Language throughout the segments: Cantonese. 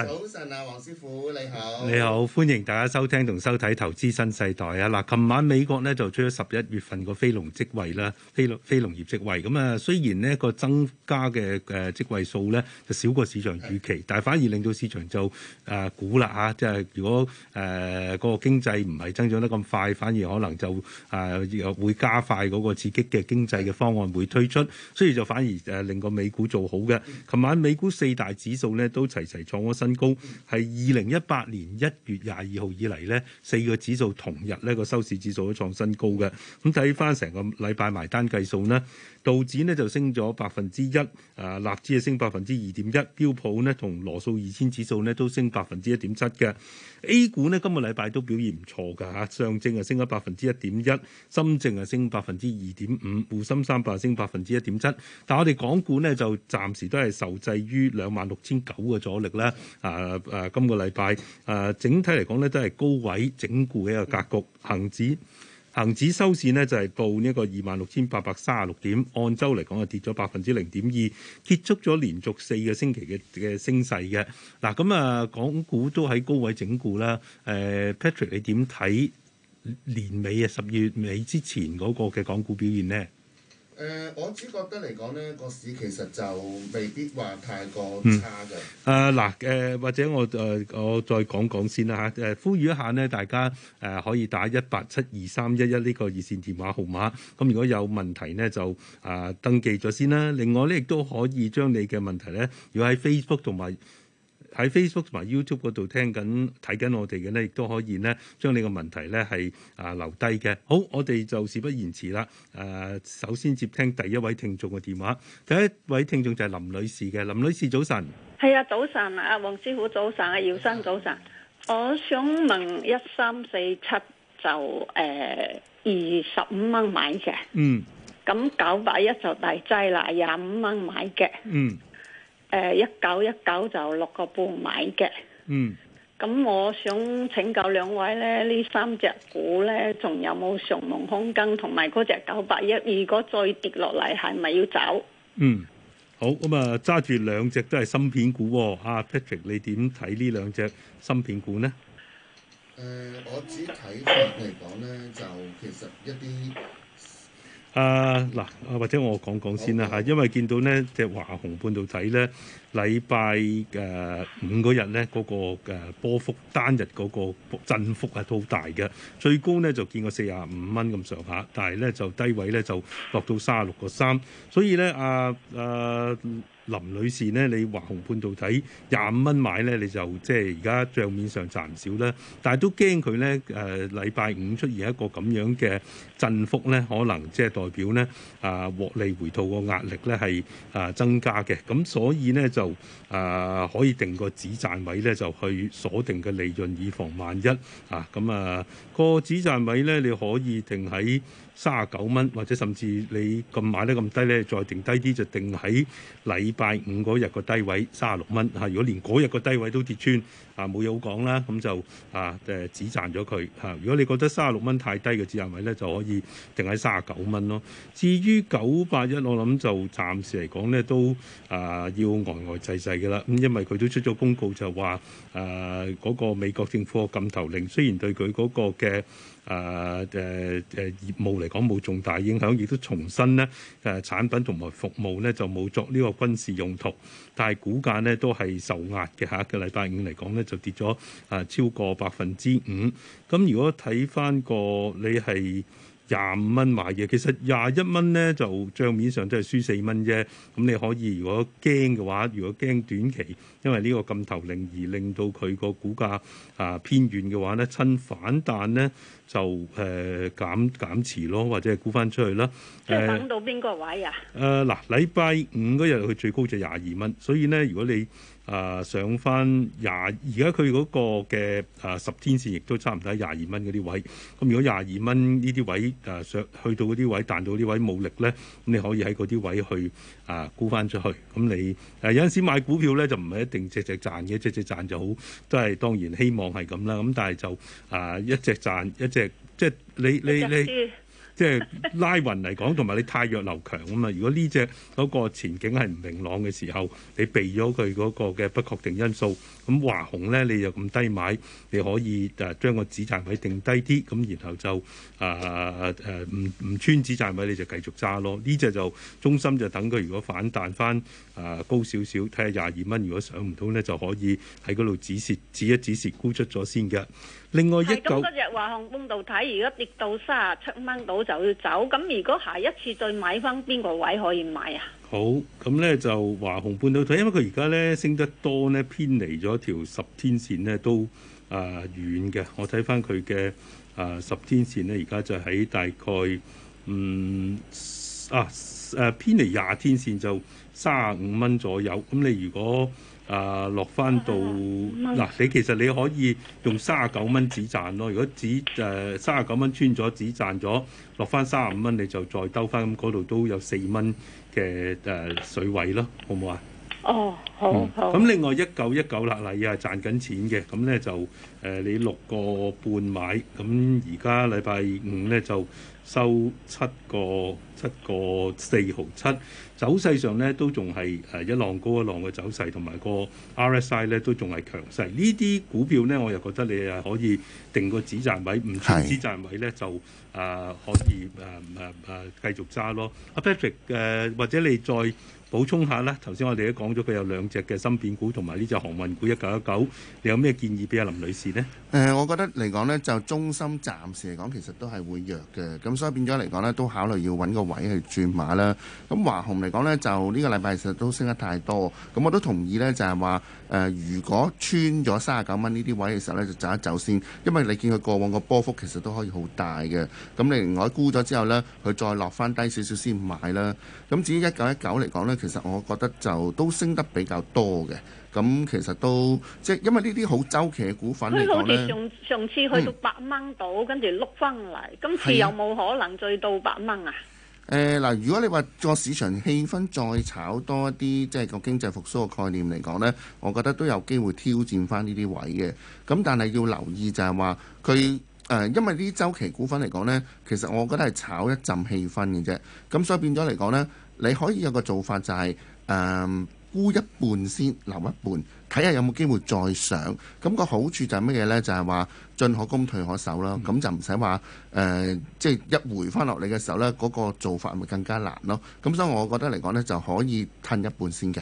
早晨啊，黃師傅你好。你好，歡迎大家收聽同收睇《投資新世代》啊！嗱，琴晚美國呢就出咗十一月份個非農職位啦，非農非農業職位。咁啊，雖然呢、這個增加嘅誒職位數呢就少過市場預期，但係反而令到市場就誒鼓勵嚇，即、呃、係、呃、如果誒個、呃、經濟唔係增長得咁快，反而可能就誒又、呃、會加快嗰個刺激嘅經濟嘅方案會推出，所以就反而誒令個美股做好嘅。琴晚美股四大指數呢都齊齊創咗。新高，係二零一八年一月廿二號以嚟，呢四個指數同日呢個收市指數都創新高嘅。咁睇翻成個禮拜埋單計數呢，道指呢就升咗百分之一，誒、啊，納指啊升百分之二點一，標普呢同羅素二千指數呢都升百分之一點七嘅。A 股呢，今個禮拜都表現唔錯噶吓，上證啊升咗百分之一點一，深證啊升百分之二點五，滬深三百升百分之一點七。但我哋港股呢，就暫時都係受制於兩萬六千九嘅阻力咧。啊啊！今個禮拜啊，整體嚟講咧都係高位整固嘅一個格局。恒指恆指收市呢，就係報呢個二萬六千八百三十六點，按周嚟講啊跌咗百分之零點二，結束咗連續四個星期嘅嘅升勢嘅。嗱、啊、咁啊，港股都喺高位整固啦。誒、啊、Patrick 你點睇年尾啊十二月尾之前嗰個嘅港股表現呢？誒、呃，我只覺得嚟講咧，個市其實就未必話太過差嘅。誒嗱、嗯，誒、呃呃、或者我誒、呃、我再講講先啦、啊、嚇。誒、呃、呼籲一下呢，大家誒、呃、可以打一八七二三一一呢個熱線電話號碼。咁如果有問題呢，就啊、呃、登記咗先啦、啊。另外咧，亦都可以將你嘅問題呢，如果喺 Facebook 同埋。喺 Facebook 同埋 YouTube 嗰度聽緊睇緊我哋嘅咧，亦都可以咧將呢個問題咧係啊留低嘅。好，我哋就事不宜遲啦。誒、啊，首先接聽第一位聽眾嘅電話。第一位聽眾就係林女士嘅。林女士早晨，係啊，早晨啊，黃師傅早晨啊，姚生早晨。我想問一三四七就誒二十五蚊買嘅，嗯，咁九百一就大劑啦，廿五蚊買嘅，嗯。誒，一九一九就六個半買嘅。嗯。咁我想請教兩位咧，三呢三隻股咧，仲有冇上行空間？同埋嗰隻九八一，如果再跌落嚟，係咪要走？嗯。好，咁啊，揸住兩隻都係芯片股喎。哦。阿、啊、Patrick，你點睇呢兩隻芯片股呢？誒、呃，我只睇法嚟講咧，就其實一啲。啊嗱，uh, 或者我講講先啦嚇，因為見到咧隻華虹半導體咧，禮拜誒五嗰日咧，嗰、嗰個波幅單日嗰個振幅啊都好大嘅，最高咧就見過四十五蚊咁上下，但係咧就低位咧就落到三十六個三，所以咧啊啊。啊林女士，呢，你華虹半導體三啊九蚊，或者甚至你咁買得咁低咧，再定低啲就定喺禮拜五嗰日個低位三啊六蚊嚇。如果連嗰日個低位都跌穿，啊冇嘢好講啦，咁就啊誒只賺咗佢嚇。如果你覺得三啊六蚊太低嘅止蝕位咧，就可以定喺三啊九蚊咯。至於九八一，我諗就暫時嚟講咧都啊要呆呆滯滯噶啦。咁、呃呃呃呃、因為佢都出咗公告就話誒嗰個美國政府嘅禁投令，雖然對佢嗰個嘅。誒誒誒業務嚟講冇重大影響，亦都重新咧誒、啊、產品同埋服務咧就冇作呢個軍事用途，但係股價咧都係受壓嘅嚇，個禮拜五嚟講咧就跌咗誒、啊、超過百分之五，咁如果睇翻個你係。廿五蚊買嘢，其實廿一蚊咧就帳面上都係輸四蚊啫。咁你可以如果驚嘅話，如果驚短期，因為呢個禁投令而令到佢個股價啊、呃、偏遠嘅話咧，趁反彈咧就誒、呃、減減持咯，或者係沽翻出去啦。即係等到邊個位啊？誒嗱、呃，禮、呃、拜五嗰日佢最高就廿二蚊，所以咧如果你啊，上翻廿而家佢嗰個嘅啊十天線亦都差唔多喺廿二蚊嗰啲位。咁如果廿二蚊呢啲位啊上去到嗰啲位彈到啲位冇力咧，咁你可以喺嗰啲位去啊沽翻出去。咁你啊有陣時買股票咧就唔係一定隻隻賺嘅，隻隻賺就好都係當然希望係咁啦。咁但係就啊一隻賺一隻即係你你你。即係拉匀嚟講，同埋你汰弱留強啊嘛。如果呢隻嗰個前景係唔明朗嘅時候，你避咗佢嗰個嘅不確定因素。咁華虹咧，你就咁低買，你可以誒將個止賺位定低啲，咁然後就誒誒唔唔穿止賺位你就繼續揸咯。呢隻就中心就等佢如果反彈翻誒高少少，睇下廿二蚊如果上唔到咧，就可以喺嗰度止蝕止一止蝕沽出咗先嘅。另外一嚿，今日華虹半導體，如果跌到卅七蚊到，就要走，咁如果下一次再買翻邊個位可以買啊？好咁咧，就華虹半導體，因為佢而家咧升得多咧，偏離咗條十天線咧，都啊、呃、遠嘅。我睇翻佢嘅啊十天線咧，而家就喺大概嗯啊誒偏離廿天線就三十五蚊左右。咁你如果、呃、落啊落翻到嗱，你其實你可以用三十九蚊止賺咯。如果止誒三十九蚊穿咗，止賺咗落翻三十五蚊，你就再兜翻咁，嗰度都有四蚊。嘅誒，水位咯，好唔好啊？哦，好、嗯、好。咁另外一九一九啦，嗱，又係賺緊錢嘅，咁咧就誒，你六個半買，咁而家禮拜五咧就。收七個七個四毫七，走勢上咧都仲係誒一浪高一浪嘅走勢，同埋個 RSI 咧都仲係強勢。呢啲股票咧，我又覺得你啊可以定個止賺位，唔止止賺位咧就啊可以誒誒誒繼續揸咯。啊，啊，啊，續持續持續啊 Patrick 誒、啊、或者你再。補充下啦，頭先我哋都講咗佢有兩隻嘅芯片股同埋呢隻航運股一九一九，你有咩建議俾阿林女士呢？誒、呃，我覺得嚟講呢，就中心暫時嚟講，其實都係會弱嘅，咁所以變咗嚟講呢，都考慮要揾個位去轉馬啦。咁華虹嚟講呢，就呢個禮拜其實都升得太多，咁我都同意呢，就係、是、話。誒、呃，如果穿咗三十九蚊呢啲位嘅時候呢，就走一走先，因為你見佢過往個波幅其實都可以好大嘅。咁你另外估咗之後呢，佢再落翻低少少先買啦。咁至於一九一九嚟講呢，其實我覺得就都升得比較多嘅。咁其實都即係因為呢啲好周期嘅股份，佢好似上次去到八蚊度，嗯、跟住碌翻嚟，今次有冇可能再到八蚊啊？誒嗱、呃，如果你話個市場氣氛再炒多一啲，即係個經濟復甦嘅概念嚟講呢，我覺得都有機會挑戰翻呢啲位嘅。咁但係要留意就係話佢誒，因為呢啲周期股份嚟講呢，其實我覺得係炒一陣氣氛嘅啫。咁所以變咗嚟講呢，你可以有個做法就係、是、誒。呃沽一半先，留一半，睇下有冇機會再上。咁個好處就係乜嘢呢？就係話進可攻，退可守啦。咁就唔使話誒，即係一回翻落嚟嘅時候呢，嗰個做法咪更加難咯。咁所以，我覺得嚟講呢，就可以吞一半先嘅。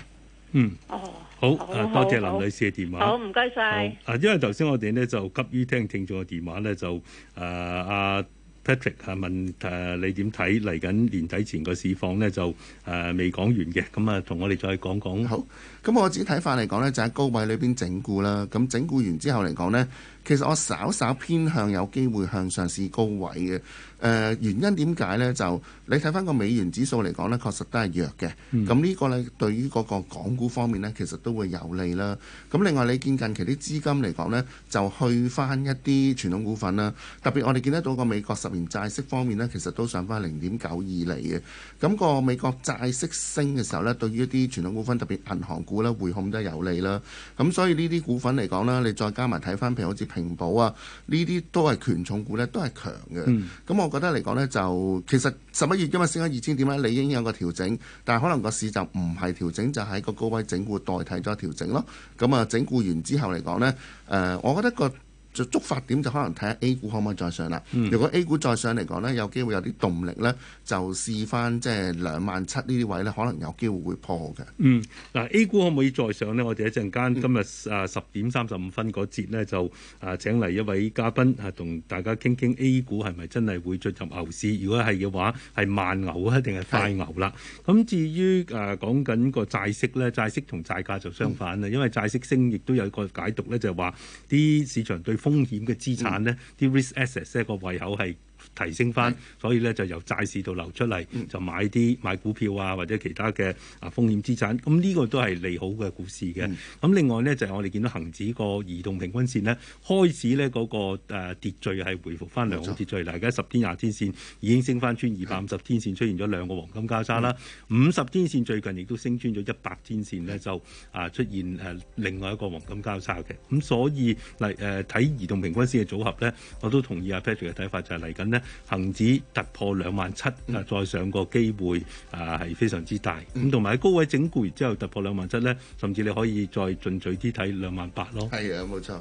嗯。哦。好。好多謝林女士嘅電話。好唔該晒。啊，因為頭先我哋呢就急於聽聽眾嘅電話呢，就誒阿。Patrick 啊，問、呃、你點睇嚟緊年底前個市況呢？就誒未講完嘅，咁、嗯、啊，同我哋再講講好。咁我自己睇法嚟講呢，就喺、是、高位裏邊整固啦。咁整固完之後嚟講呢，其實我稍稍偏向有機會向上試高位嘅。誒、呃、原因點解呢？就你睇翻個美元指數嚟講呢，確實都係弱嘅。咁呢、嗯、個呢，對於嗰個港股方面呢，其實都會有利啦。咁另外你見近期啲資金嚟講呢，就去翻一啲傳統股份啦。特別我哋見得到個美國十年債息方面呢，其實都上翻零點九二釐嘅。咁個美國債息升嘅時候呢，對於一啲傳統股份，特別銀行股呢，匯控都係有利啦。咁所以呢啲股份嚟講啦，你再加埋睇翻，譬如好似平保啊，呢啲都係權重股呢，都係強嘅。咁、嗯、我。我覺得嚟講呢，就其實十一月今日升咗二千點呢，理應有個調整，但係可能個市就唔係調整，就喺、是、個高位整固代替咗調整咯。咁、嗯、啊，整固完之後嚟講呢，誒、呃，我覺得個。就觸發點就可能睇下 A 股可唔可以再上啦。嗯、如果 A 股再上嚟講呢有機會有啲動力呢，就試返即係兩萬七呢啲位呢，可能有機會會破嘅。嗯，嗱、啊、A 股可唔可以再上呢？我哋一陣間、嗯、今日啊十點三十五分嗰節呢就啊請嚟一位嘉賓啊，同大家傾傾 A 股係咪真係會進入牛市？如果係嘅話，係慢牛啊定係快牛啦、啊？咁是至於誒、啊、講緊個債息呢，債息同債價就相反啦，嗯、因為債息升亦都有個解讀呢，就係話啲市場對。風險嘅資產咧，啲 risk assets 咧，個胃口係。提升翻，所以咧就由債市度流出嚟，就買啲買股票啊，或者其他嘅啊風險資產。咁呢個都係利好嘅股市嘅。咁、嗯、另外呢，就係、是、我哋見到恒指個移動平均線呢開始呢嗰個誒秩序係回復翻良好秩序，回回秩序。嗱，而家十天廿天線已經升翻穿二百五十天線出現咗兩個黃金交叉啦。五十天線最近亦都升穿咗一百天線呢就啊出現誒另外一個黃金交叉嘅。咁所以嚟誒睇移動平均線嘅組合呢，我都同意阿 Patrick 嘅睇法，就係嚟緊呢。恒指突破兩萬七啊，再上個機會啊，係非常之大。咁同埋喺高位整固完之後突破兩萬七咧，甚至你可以再進取啲睇兩萬八咯。係啊，冇錯。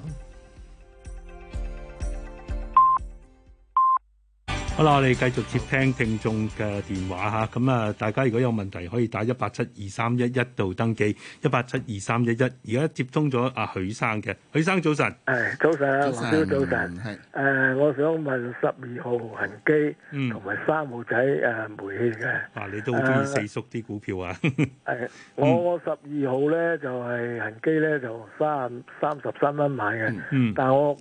好啦，我哋繼續接聽聽眾嘅電話吓，咁啊，大家如果有問題可以打一八七二三一一度登記，一八七二三一一。而家接通咗阿許生嘅，許生早晨，係早晨，黃小早晨，係誒是、呃，我想問十二號恒基，同埋三號仔誒，煤氣嘅，啊，你都好中意四叔啲股票啊？係、 呃、我十二號咧就係、是、恒基咧就三三十三蚊買嘅，嗯，但係我。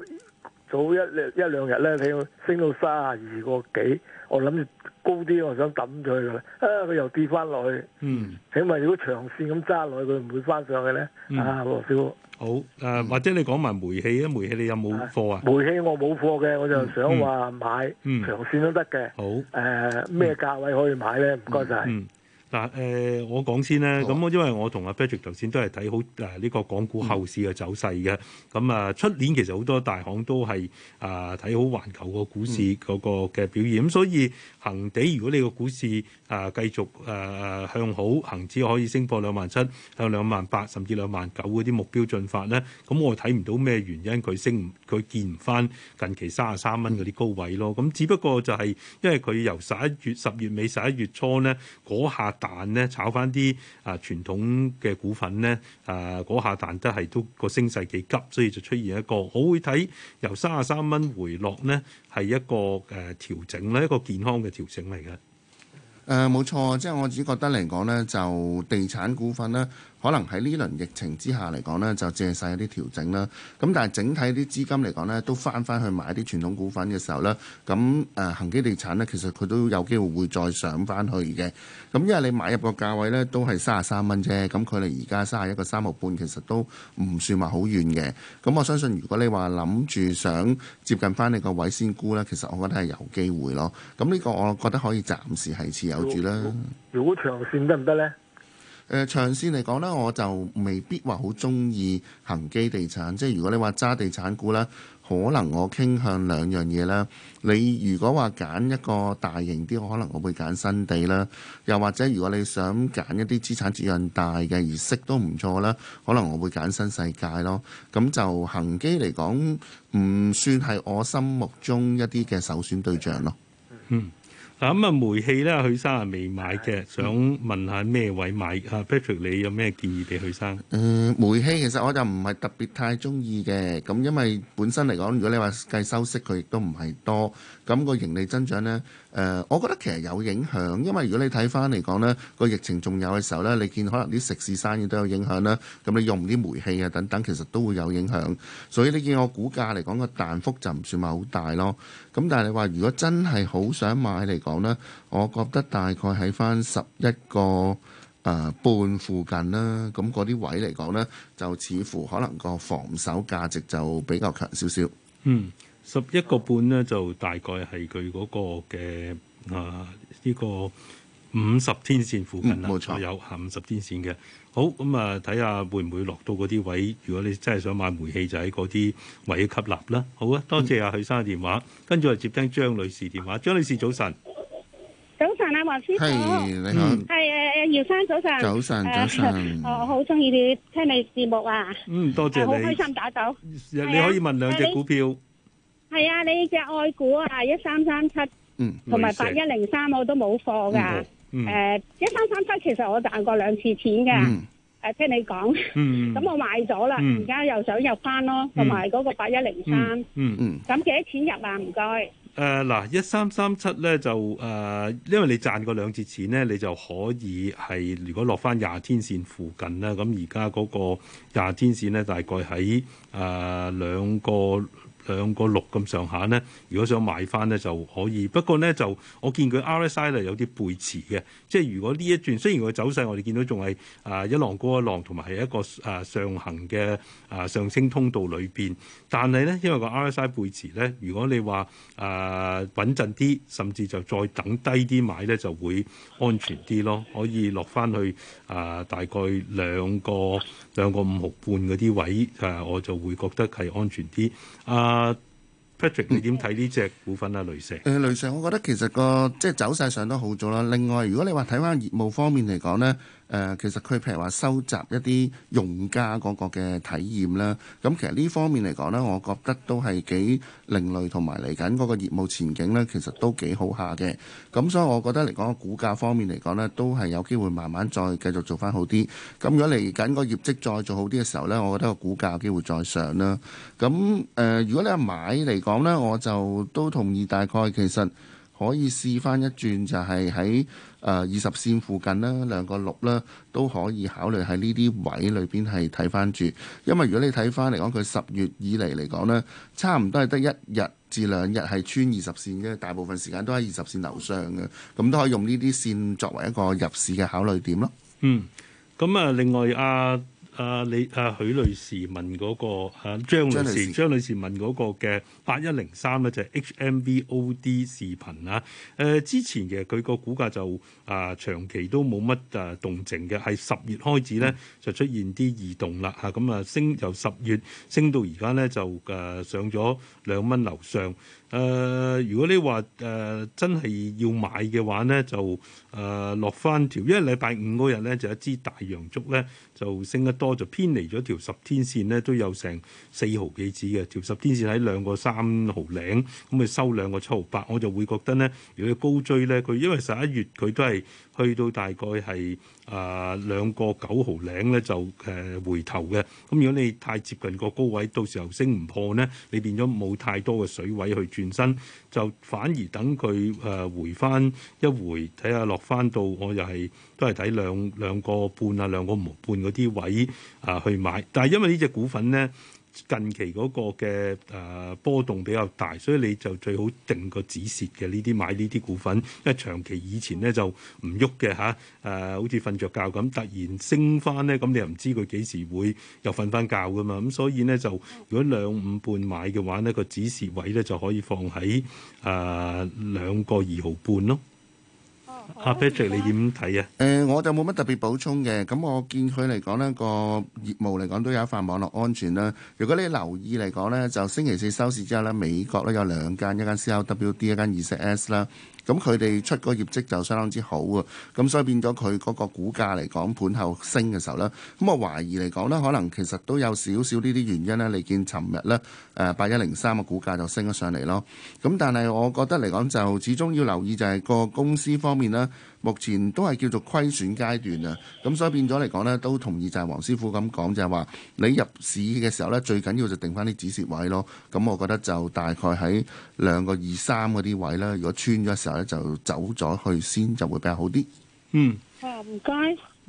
早一,一兩一兩日咧，佢升到卅二個幾，我諗住高啲，我想抌佢噶啦。啊，佢又跌翻落去。嗯，請問如果長線咁揸落去，佢唔會翻上去咧？嗯、啊，羅少。好誒、呃，或者你講埋煤氣啊？煤氣你有冇貨啊？煤氣我冇貨嘅，我就想話買、嗯、長線都得嘅。好誒、嗯，咩、啊、價位可以買咧？唔該晒。嗯嗯嗯嗱誒、呃，我講先咧，咁因為我同阿 Patrick 頭先都係睇好誒呢個港股後市嘅走勢嘅，咁啊出年其實好多大行都係啊睇好環球個股市嗰個嘅表現，咁、嗯、所以恒地，如果你個股市啊繼續誒、啊、向好，恒指可以升破兩萬七，向兩萬八，甚至兩萬九嗰啲目標進發咧，咁我睇唔到咩原因佢升，佢見唔翻近期三十三蚊嗰啲高位咯，咁只不過就係、是、因為佢由十一月十月尾十一月初咧下。但咧炒翻啲啊傳統嘅股份咧，啊、呃、嗰下彈得係都，都個升勢幾急，所以就出現一個，好會睇由三十三蚊回落咧，係一個誒、呃、調整咧，一個健康嘅調整嚟嘅。誒冇、呃、錯，即係我只覺得嚟講咧，就地產股份咧。可能喺呢輪疫情之下嚟講呢就借曬一啲調整啦。咁但係整體啲資金嚟講呢，都翻翻去買啲傳統股份嘅時候呢，咁誒、呃、恆基地產呢，其實佢都有機會會再上翻去嘅。咁因為你買入個價位呢，都係三十三蚊啫。咁佢哋而家三十一個三毫半，其實都唔算話好遠嘅。咁我相信，如果你話諗住想接近翻你個位先沽呢，其實我覺得係有機會咯。咁呢個我覺得可以暫時係持有住啦。如果長線得唔得呢？誒、呃、長線嚟講咧，我就未必話好中意恒基地產。即係如果你話揸地產股咧，可能我傾向兩樣嘢啦。你如果話揀一個大型啲，我可能我會揀新地啦。又或者如果你想揀一啲資產質量大嘅，而息都唔錯啦，可能我會揀新世界咯。咁就恒基嚟講，唔算係我心目中一啲嘅首選對象咯。嗯。嗱咁啊，煤氣咧，許生係未買嘅，想問下咩位買啊？Patrick，你有咩建議俾許生？誒，煤氣其實我就唔係特別太中意嘅，咁因為本身嚟講，如果你話計收息，佢亦都唔係多。咁個盈利增長呢，誒、呃，我覺得其實有影響，因為如果你睇翻嚟講呢，個疫情仲有嘅時候呢，你見可能啲食肆生意都有影響啦，咁你用啲煤氣啊等等，其實都會有影響。所以你見我股價嚟講個彈幅就唔算話好大咯。咁但係你話如果真係好想買嚟講呢，我覺得大概喺翻十一個誒、呃、半附近啦。咁嗰啲位嚟講呢，就似乎可能個防守價值就比較強少少。嗯。十一個半咧，就大概係佢嗰個嘅啊呢個五十天線附近啦，冇錯，有下五十天線嘅。好咁啊，睇、嗯、下會唔會落到嗰啲位。如果你真係想買煤氣，就喺嗰啲位要吸納啦。好啊，多謝阿許生嘅電話，跟住又接聽張女士電話。張女士早晨，早晨啊，黃師傅，hey, 你好，係誒誒姚生，早晨，早晨，早晨，我好中意你聽你節目啊，嗯，多謝你，好開、uh, 心打到，你可以問兩隻股票。Hey, hey. 係啊，你隻愛股啊，一三三七，嗯，同埋八一零三我都冇貨噶，誒，一三三七其實我賺過兩次錢噶，誒、嗯、聽你講，咁、 嗯嗯、我買咗啦，而家、嗯、又想入翻咯，同埋嗰個八一零三，嗯，咁、嗯、幾多錢入啊？唔該。誒嗱、uh,，一三三七咧就誒，uh, 因為你賺過兩次錢咧，你就可以係如果落翻廿天線附近咧，咁而家嗰個廿天線咧大概喺誒兩個。呃兩個六咁上下咧，如果想買翻咧就可以。不過咧就我見佢 RSI 咧有啲背馳嘅，即係如果呢一轉雖然佢走勢我哋見到仲係啊一浪高一浪，同埋係一個啊、呃、上行嘅啊、呃、上升通道裏邊，但係咧因為個 RSI 背馳咧，如果你話啊、呃、穩陣啲，甚至就再等低啲買咧就會安全啲咯。可以落翻去啊、呃、大概兩個兩個五毫半嗰啲位啊、呃，我就會覺得係安全啲啊。呃啊、uh，Patrick，你點睇呢隻股份啊？ 雷蛇 Sir,？誒， 雷蛇，我覺得其實個即係走勢上都好咗啦。另外，如果你話睇翻業務方面嚟講咧。誒、呃，其實佢譬如話收集一啲用家嗰個嘅體驗啦，咁其實呢方面嚟講呢，我覺得都係幾另類，同埋嚟緊嗰個業務前景呢，其實都幾好下嘅。咁所以，我覺得嚟講個股價方面嚟講呢，都係有機會慢慢再繼續做翻好啲。咁如果嚟緊個業績再做好啲嘅時候呢，我覺得個股價有機會再上啦。咁誒、呃，如果你係買嚟講呢，我就都同意，大概其實可以試翻一轉，就係喺。誒二十線附近啦，兩個六啦，都可以考慮喺呢啲位裏邊係睇翻住。因為如果你睇翻嚟講，佢十月以嚟嚟講咧，差唔多係得一日至兩日係穿二十線啫，大部分時間都喺二十線樓上嘅，咁都可以用呢啲線作為一個入市嘅考慮點咯。嗯，咁啊，另外啊。阿你阿許女士問嗰、那個嚇、啊、張女士，張女士問嗰個嘅八一零三咧，就係 H M V O D 視頻啦。誒、啊、之前嘅佢個股價就啊長期都冇乜誒動靜嘅，係十月開始咧就出現啲異動啦嚇，咁啊，啊升，由十月升到而家咧就誒、啊、上咗兩蚊樓上。誒、呃，如果你話誒、呃、真係要買嘅話咧，就誒落翻條，因為禮拜五嗰日咧就一支大陽燭咧就升得多，就偏離咗條十天線咧都有成四毫幾子嘅，條十天線喺兩個三毫零，咁咪收兩個七毫八，我就會覺得咧，如果高追咧佢，因為十一月佢都係。去到大概係啊、呃、兩個九毫領咧就誒、呃、回頭嘅，咁如果你太接近個高位，到時候升唔破咧，你變咗冇太多嘅水位去轉身，就反而等佢誒、呃、回返一回，睇下落返到，我又係都係睇兩兩個半啊兩個半嗰啲位啊、呃、去買，但係因為呢隻股份咧。近期嗰個嘅誒波動比較大，所以你就最好定個止蝕嘅呢啲買呢啲股份，因為長期以前咧就唔喐嘅嚇，誒、啊、好似瞓着覺咁，突然升翻咧，咁你又唔知佢幾時會又瞓翻覺噶嘛，咁所以咧就如果兩五半買嘅話咧，個止蝕位咧就可以放喺誒、啊、兩個二毫半咯。阿 Patrick，你點睇啊？誒、 呃，我就冇乜特別補充嘅。咁我見佢嚟講呢個業務嚟講都有一塊網絡安全啦。如果你留意嚟講呢就星期四收市之後呢美國呢有兩間，一間 CRWD，一間二四 S 啦。咁佢哋出個業績就相當之好喎，咁所以變咗佢嗰個股價嚟講，盤後升嘅時候呢，咁我懷疑嚟講呢，可能其實都有少少呢啲原因呢。你見尋日呢，誒八一零三嘅股價就升咗上嚟咯，咁但係我覺得嚟講就始終要留意就係個公司方面啦。目前都係叫做虧損階段啊，咁所以變咗嚟講呢，都同意就係黃師傅咁講，就係話你入市嘅時候呢，最緊要就定翻啲止蝕位咯。咁我覺得就大概喺兩個二三嗰啲位啦，如果穿咗時候呢，就走咗去先就會比較好啲。嗯，啊唔該。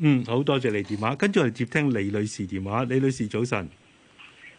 嗯，好多謝你電話，跟住我哋接聽李女士電話。李女士早晨。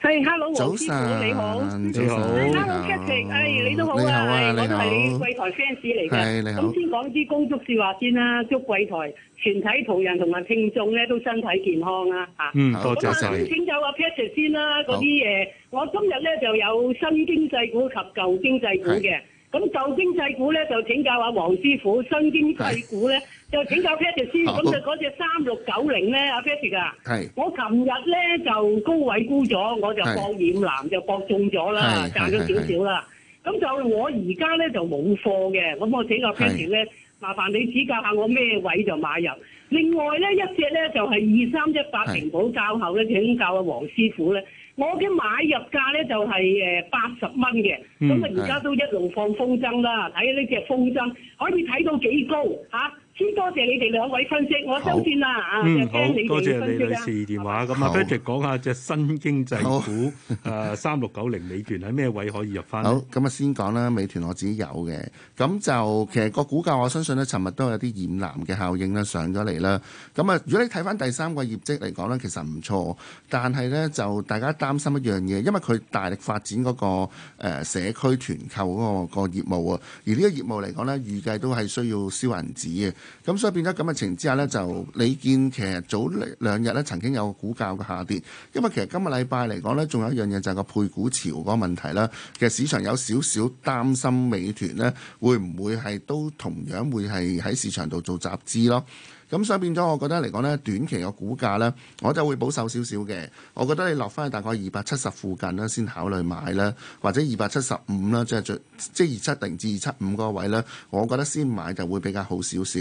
係，hello 黃師傅你好，你好，hello Patrick，哎，你都好啊，我都係貴台 fans 嚟嘅，咁先講啲工作說話先啦，祝貴台全體同仁同埋聽眾咧都身體健康啦，吓，嗯，多謝晒，請走阿 Patrick 先啦，嗰啲嘢，我今日咧就有新經濟股及舊經濟股嘅，咁舊經濟股咧就請教下黃師傅，新經濟股咧。就請教 Patrick 先，咁就嗰隻三六九零咧，阿 Patrick 啊，我琴日咧就高位沽咗，我就放染藍就博中咗啦，是賺咗少少啦。咁就我而家咧就冇貨嘅，咁我請教 Patrick 咧，是麻煩你指教下我咩位就買入。另外咧一隻咧就係二三一八平保教後咧是請教阿黃師傅咧，我嘅買入價咧就係誒八十蚊嘅，咁啊而家都一路放風箏啦，睇呢隻風箏可以睇到幾高嚇。啊多謝你哋兩位分析，我收線啦啊！多謝你女士電話。咁啊，不如、啊、好講下隻新經濟股好啊，三六九零美團喺咩位可以入翻？好，咁啊，先講啦，美團我自己有嘅，咁就其實個股價，我相信呢，尋日都有啲染藍嘅效應咧，上咗嚟啦。咁啊，如果你睇翻第三個業績嚟講呢，其實唔錯，但係呢，就大家擔心一樣嘢，因為佢大力發展嗰個社區團購嗰個個業務啊，而呢個業務嚟講呢，預計都係需要燒銀紙嘅。咁所以變咗咁嘅情形之下咧，就李健其實早兩日咧曾經有個股價嘅下跌，因為其實今日禮拜嚟講咧，仲有一樣嘢就係個配股潮個問題啦。其實市場有少少擔心美團咧會唔會係都同樣會係喺市場度做集資咯。咁所以變咗，我覺得嚟講呢，短期個股價呢，我就會保守少少嘅。我覺得你落翻去大概二百七十附近啦，先考慮買啦，或者二百七十五啦，即係即係二七零至二七五個位咧，我覺得先買就會比較好少少。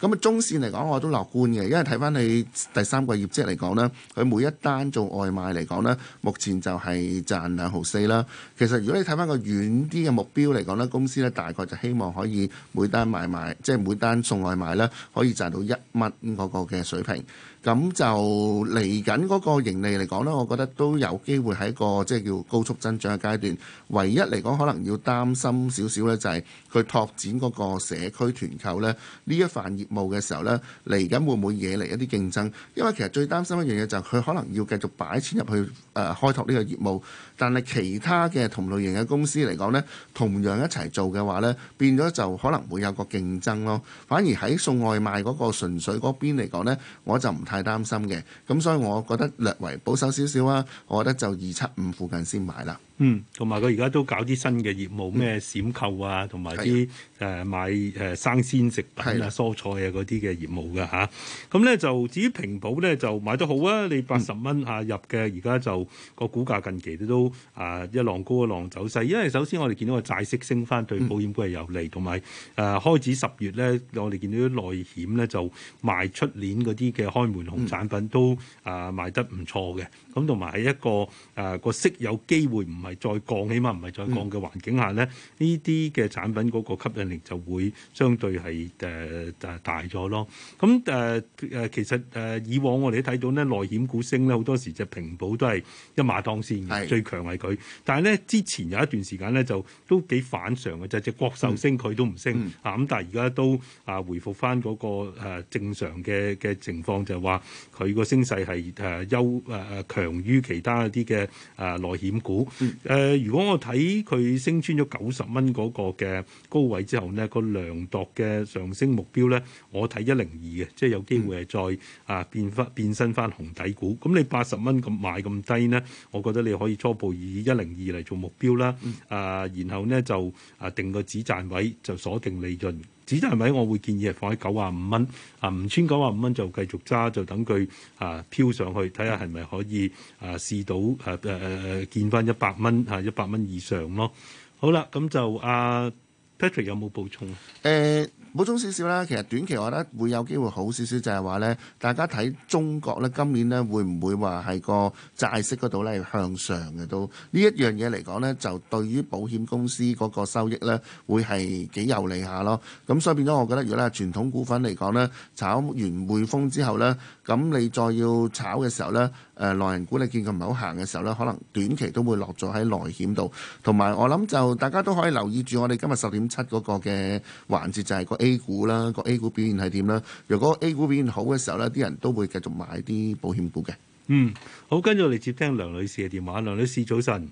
咁啊，中線嚟講我都樂觀嘅，因為睇翻你第三季業績嚟講咧，佢每一單做外賣嚟講呢，目前就係賺兩毫四啦。其實如果你睇翻個遠啲嘅目標嚟講呢，公司呢大概就希望可以每單買賣賣即係每單送外賣呢，可以賺到一乜嗰嘅水平，咁就嚟緊嗰個盈利嚟講咧，我覺得都有機會喺一個即係叫高速增長嘅階段。唯一嚟講可能要擔心少少呢，就係佢拓展嗰個社區團購呢呢一範業務嘅時候呢，嚟緊會唔會惹嚟一啲競爭？因為其實最擔心一樣嘢就係佢可能要繼續擺錢入去誒開拓呢個業務。但係其他嘅同類型嘅公司嚟講呢，同樣一齊做嘅話呢，變咗就可能會有個競爭咯。反而喺送外賣嗰個純粹嗰邊嚟講呢，我就唔太擔心嘅。咁所以我覺得略為保守少少啊，我覺得就二七五附近先買啦。嗯，同埋佢而家都搞啲新嘅業務，咩閃購啊，同埋啲誒買誒生鮮食品啊、的蔬菜啊嗰啲嘅業務㗎吓啊。咁呢就至於平保呢，就買得好啊，你八十蚊啊入嘅，而家就個股價近期都都。啊，一浪高一浪走勢，因為首先我哋見到個債息升翻，對保險股係有利，同埋誒開始十月咧，我哋見到啲內險咧就賣出年嗰啲嘅開門紅產品都啊賣得唔錯嘅，咁同埋喺一個誒、啊、個息有機會唔係再降，起碼唔係再降嘅環境下咧，呢啲嘅產品嗰個吸引力就會相對係誒誒大咗咯。咁誒誒其實誒、啊、以往我哋都睇到咧內險股升咧，好多時就平保都係一馬當先嘅，最強。係佢，但係咧之前有一段時間咧就都幾反常嘅，就係隻國壽升佢都唔升、嗯、啊！咁但係而家都啊回覆翻嗰個、呃、正常嘅嘅情況就，就係話佢個升勢係誒優誒強於其他啲嘅誒內險股。誒、嗯呃、如果我睇佢升穿咗九十蚊嗰個嘅高位之後呢、嗰個量度嘅上升目標咧，我睇一零二嘅，即係有機會係再啊變翻變身翻紅底股。咁你八十蚊咁買咁低呢，我覺得你可以初步。以一零二嚟做目標啦，嗯、啊，然後咧就啊定個止賺位就鎖定利潤。止賺位我會建議係放喺九啊五蚊啊，唔穿九啊五蚊就繼續揸，就等佢啊飄上去，睇下係咪可以試啊試、呃、到啊誒見翻一百蚊啊一百蚊以上咯。好啦，咁就阿、啊、Patrick 有冇補充？誒、呃。補充少少啦，其實短期我覺得會有機會好少少，就係話咧，大家睇中國咧，今年咧會唔會話係個債息嗰度咧向上嘅都呢一樣嘢嚟講咧，就對於保險公司嗰個收益咧，會係幾有利下咯。咁所以變咗，我覺得如果係傳統股份嚟講咧，炒完匯豐之後咧，咁你再要炒嘅時候咧。誒內銀股咧見佢唔係好行嘅時候咧，可能短期都會落咗喺內險度。同埋我諗就大家都可以留意住我哋今日十點七嗰個嘅環節，就係個 A 股啦，個 A 股表現係點啦。若果 A 股表現好嘅時候咧，啲人都會繼續買啲保險股嘅。嗯，好，跟住我哋接聽梁女士嘅電話。梁女士早晨，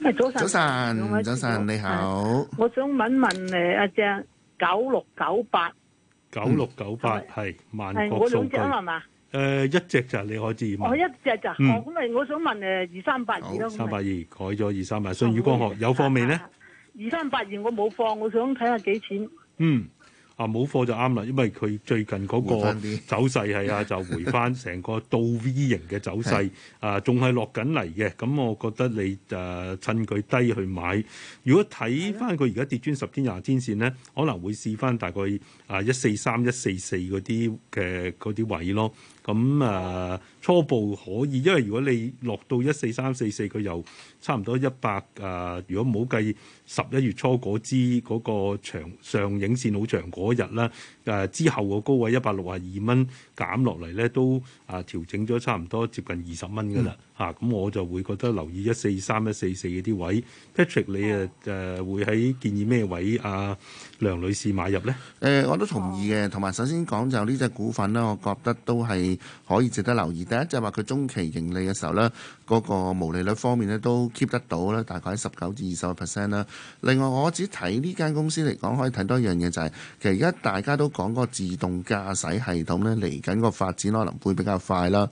早晨，早晨，早晨，你好。我想問問誒一隻九六九八，九六九八係萬國數據。係我兩隻啊嘛。誒、呃、一隻就係你可置我、oh，嗯、一隻就、啊，咁咪、嗯、我想問誒二三八二咯，三八二改咗二三八二，舜宇光學有貨未呢？二三八二我冇貨，我想睇下幾錢。嗯，啊冇貨就啱啦，因為佢最近嗰個走勢係啊，就回翻成個倒 V 型嘅走勢啊，仲係落緊嚟嘅。咁我覺得你誒、啊、趁佢低去買。如果睇翻佢而家跌穿十天廿天線咧，可能會試翻大概啊一四三一四四嗰啲嘅啲位咯。咁啊！Uh 初步可以，因為如果你落到一四三四四，佢又差唔多一百誒。如果冇計十一月初嗰支嗰個長上影線好長嗰日咧，誒、啊、之後個高位一百六啊二蚊減落嚟咧，都誒調整咗差唔多接近二十蚊噶啦嚇。咁、嗯啊、我就會覺得留意一四三一四四嗰啲位。Patrick 你誒誒、啊、會喺建議咩位啊？梁女士買入咧？誒、呃，我都同意嘅。同埋首先講就呢隻股份咧，我覺得都係可以值得留意。第一就係話佢中期盈利嘅時候咧，嗰、那個毛利率方面咧都 keep 得到咧，大概喺十九至二十個 percent 啦。另外，我只睇呢間公司嚟講，可以睇多一樣嘢就係、是、其實而家大家都講個自動駕駛系統咧，嚟緊個發展可能會比較快啦。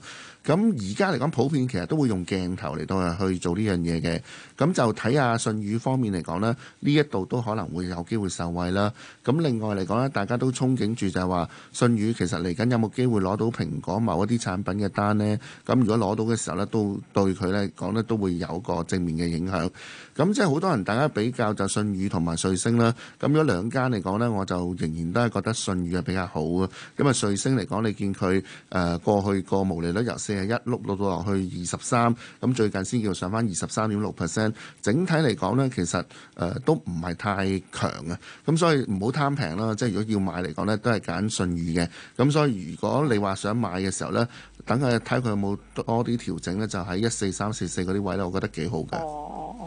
咁而家嚟講，普遍其實都會用鏡頭嚟到去做呢樣嘢嘅。咁就睇下舜宇方面嚟講咧，呢一度都可能會有機會受惠啦。咁另外嚟講咧，大家都憧憬住就係話，舜宇其實嚟緊有冇機會攞到蘋果某一啲產品嘅單呢？咁如果攞到嘅時候呢，都對佢嚟講咧都會有個正面嘅影響。咁即係好多人大家比較就舜宇同埋瑞聲啦。咁如果兩間嚟講呢，我就仍然都係覺得舜宇係比較好啊。咁為瑞聲嚟講，你見佢誒過去個毛利率日線。一碌碌到落去二十三，咁最近先叫上返二十三點六 percent。整體嚟講呢，其實誒、呃、都唔係太強啊。咁所以唔好貪平啦。即係如果要買嚟講呢，都係揀信譽嘅。咁所以如果你話想買嘅時候呢，等佢睇佢有冇多啲調整呢，就喺一四三四四嗰啲位呢，我覺得幾好嘅。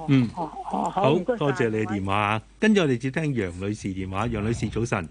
嗯。好多謝你電話。跟住我哋接聽楊女士電話。楊女士早晨。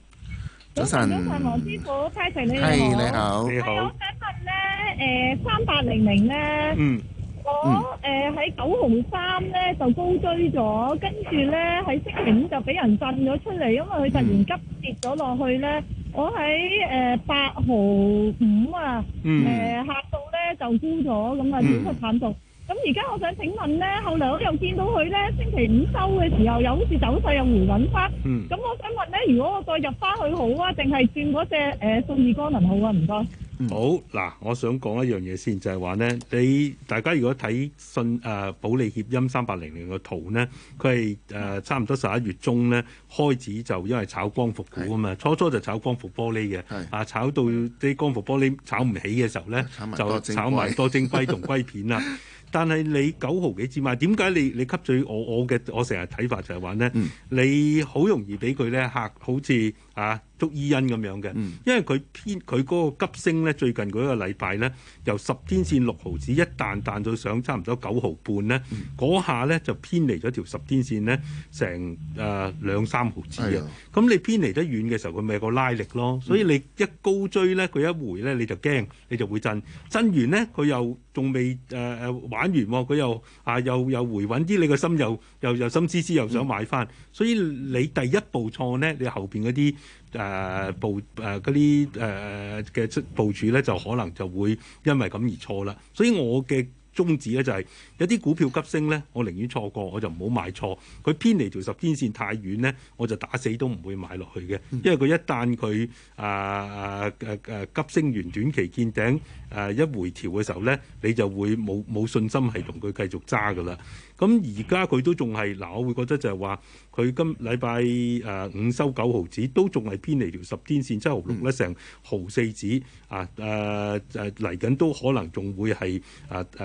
早晨，早晨，黃師傅，Patrick 你好，你好。你好，我想問咧，誒，三八零零咧，我誒喺九毫三咧就高追咗，跟住咧喺星期五就俾人震咗出嚟，因為佢突然急跌咗落去咧，我喺誒八毫五啊，誒吓到咧就沽咗，咁啊小幅慘續。咁而家我想請問咧，後嚟我又見到佢咧，星期五收嘅時候又好似走勢又回穩翻。嗯。咁、嗯、我想問咧，如果我再入翻去好啊，定係轉嗰隻誒信義光能好啊？唔該。好嗱，我想講一樣嘢先，就係話咧，你大家如果睇信誒、呃、保利協鑫》、呃《三百零零嘅圖咧，佢係誒差唔多十一月中咧開始就因為炒光伏股啊嘛，的初初就炒光伏玻璃嘅，的啊，炒到啲光伏玻璃炒唔起嘅時候咧，就的炒埋多晶硅同硅片啊。 但係你九毫幾支嘛？點解你你吸取我我嘅我成日睇法就係話咧，嗯、你好容易俾佢咧嚇，好似。啊，捉伊恩咁樣嘅，因為佢偏佢嗰個急升咧，最近嗰一個禮拜咧，由十天線六毫子一彈彈到上差唔多九毫半咧，嗰、嗯、下咧就偏離咗條十天線咧，成誒兩三毫子啊！咁、哎、呦你偏離得遠嘅時候，佢咪有個拉力咯？所以你一高追咧，佢一回咧你就驚，你就會震。震完咧，佢又仲未誒誒玩完喎、哦，佢又啊、呃、又又，又回穩啲，你個心又又又，又心思思又想買翻、嗯，所以你第一步錯咧，你後邊嗰啲。誒、呃，部誒嗰啲誒嘅出部署咧，就可能就會因為咁而錯啦。所以我嘅宗旨咧就係、是。有啲股票急升咧，我寧願錯過，我就唔好買錯。佢偏離條十天線太遠咧，我就打死都唔會買落去嘅。因為佢一旦佢啊啊誒誒、啊啊、急升完短期見頂，誒、啊、一回調嘅時候咧，你就會冇冇信心係同佢繼續揸㗎啦。咁而家佢都仲係嗱，我會覺得就係話佢今禮拜誒五收九毫子，都仲係偏離條十天線七毫六啦，成毫四子啊誒誒嚟緊都可能仲會係啊誒、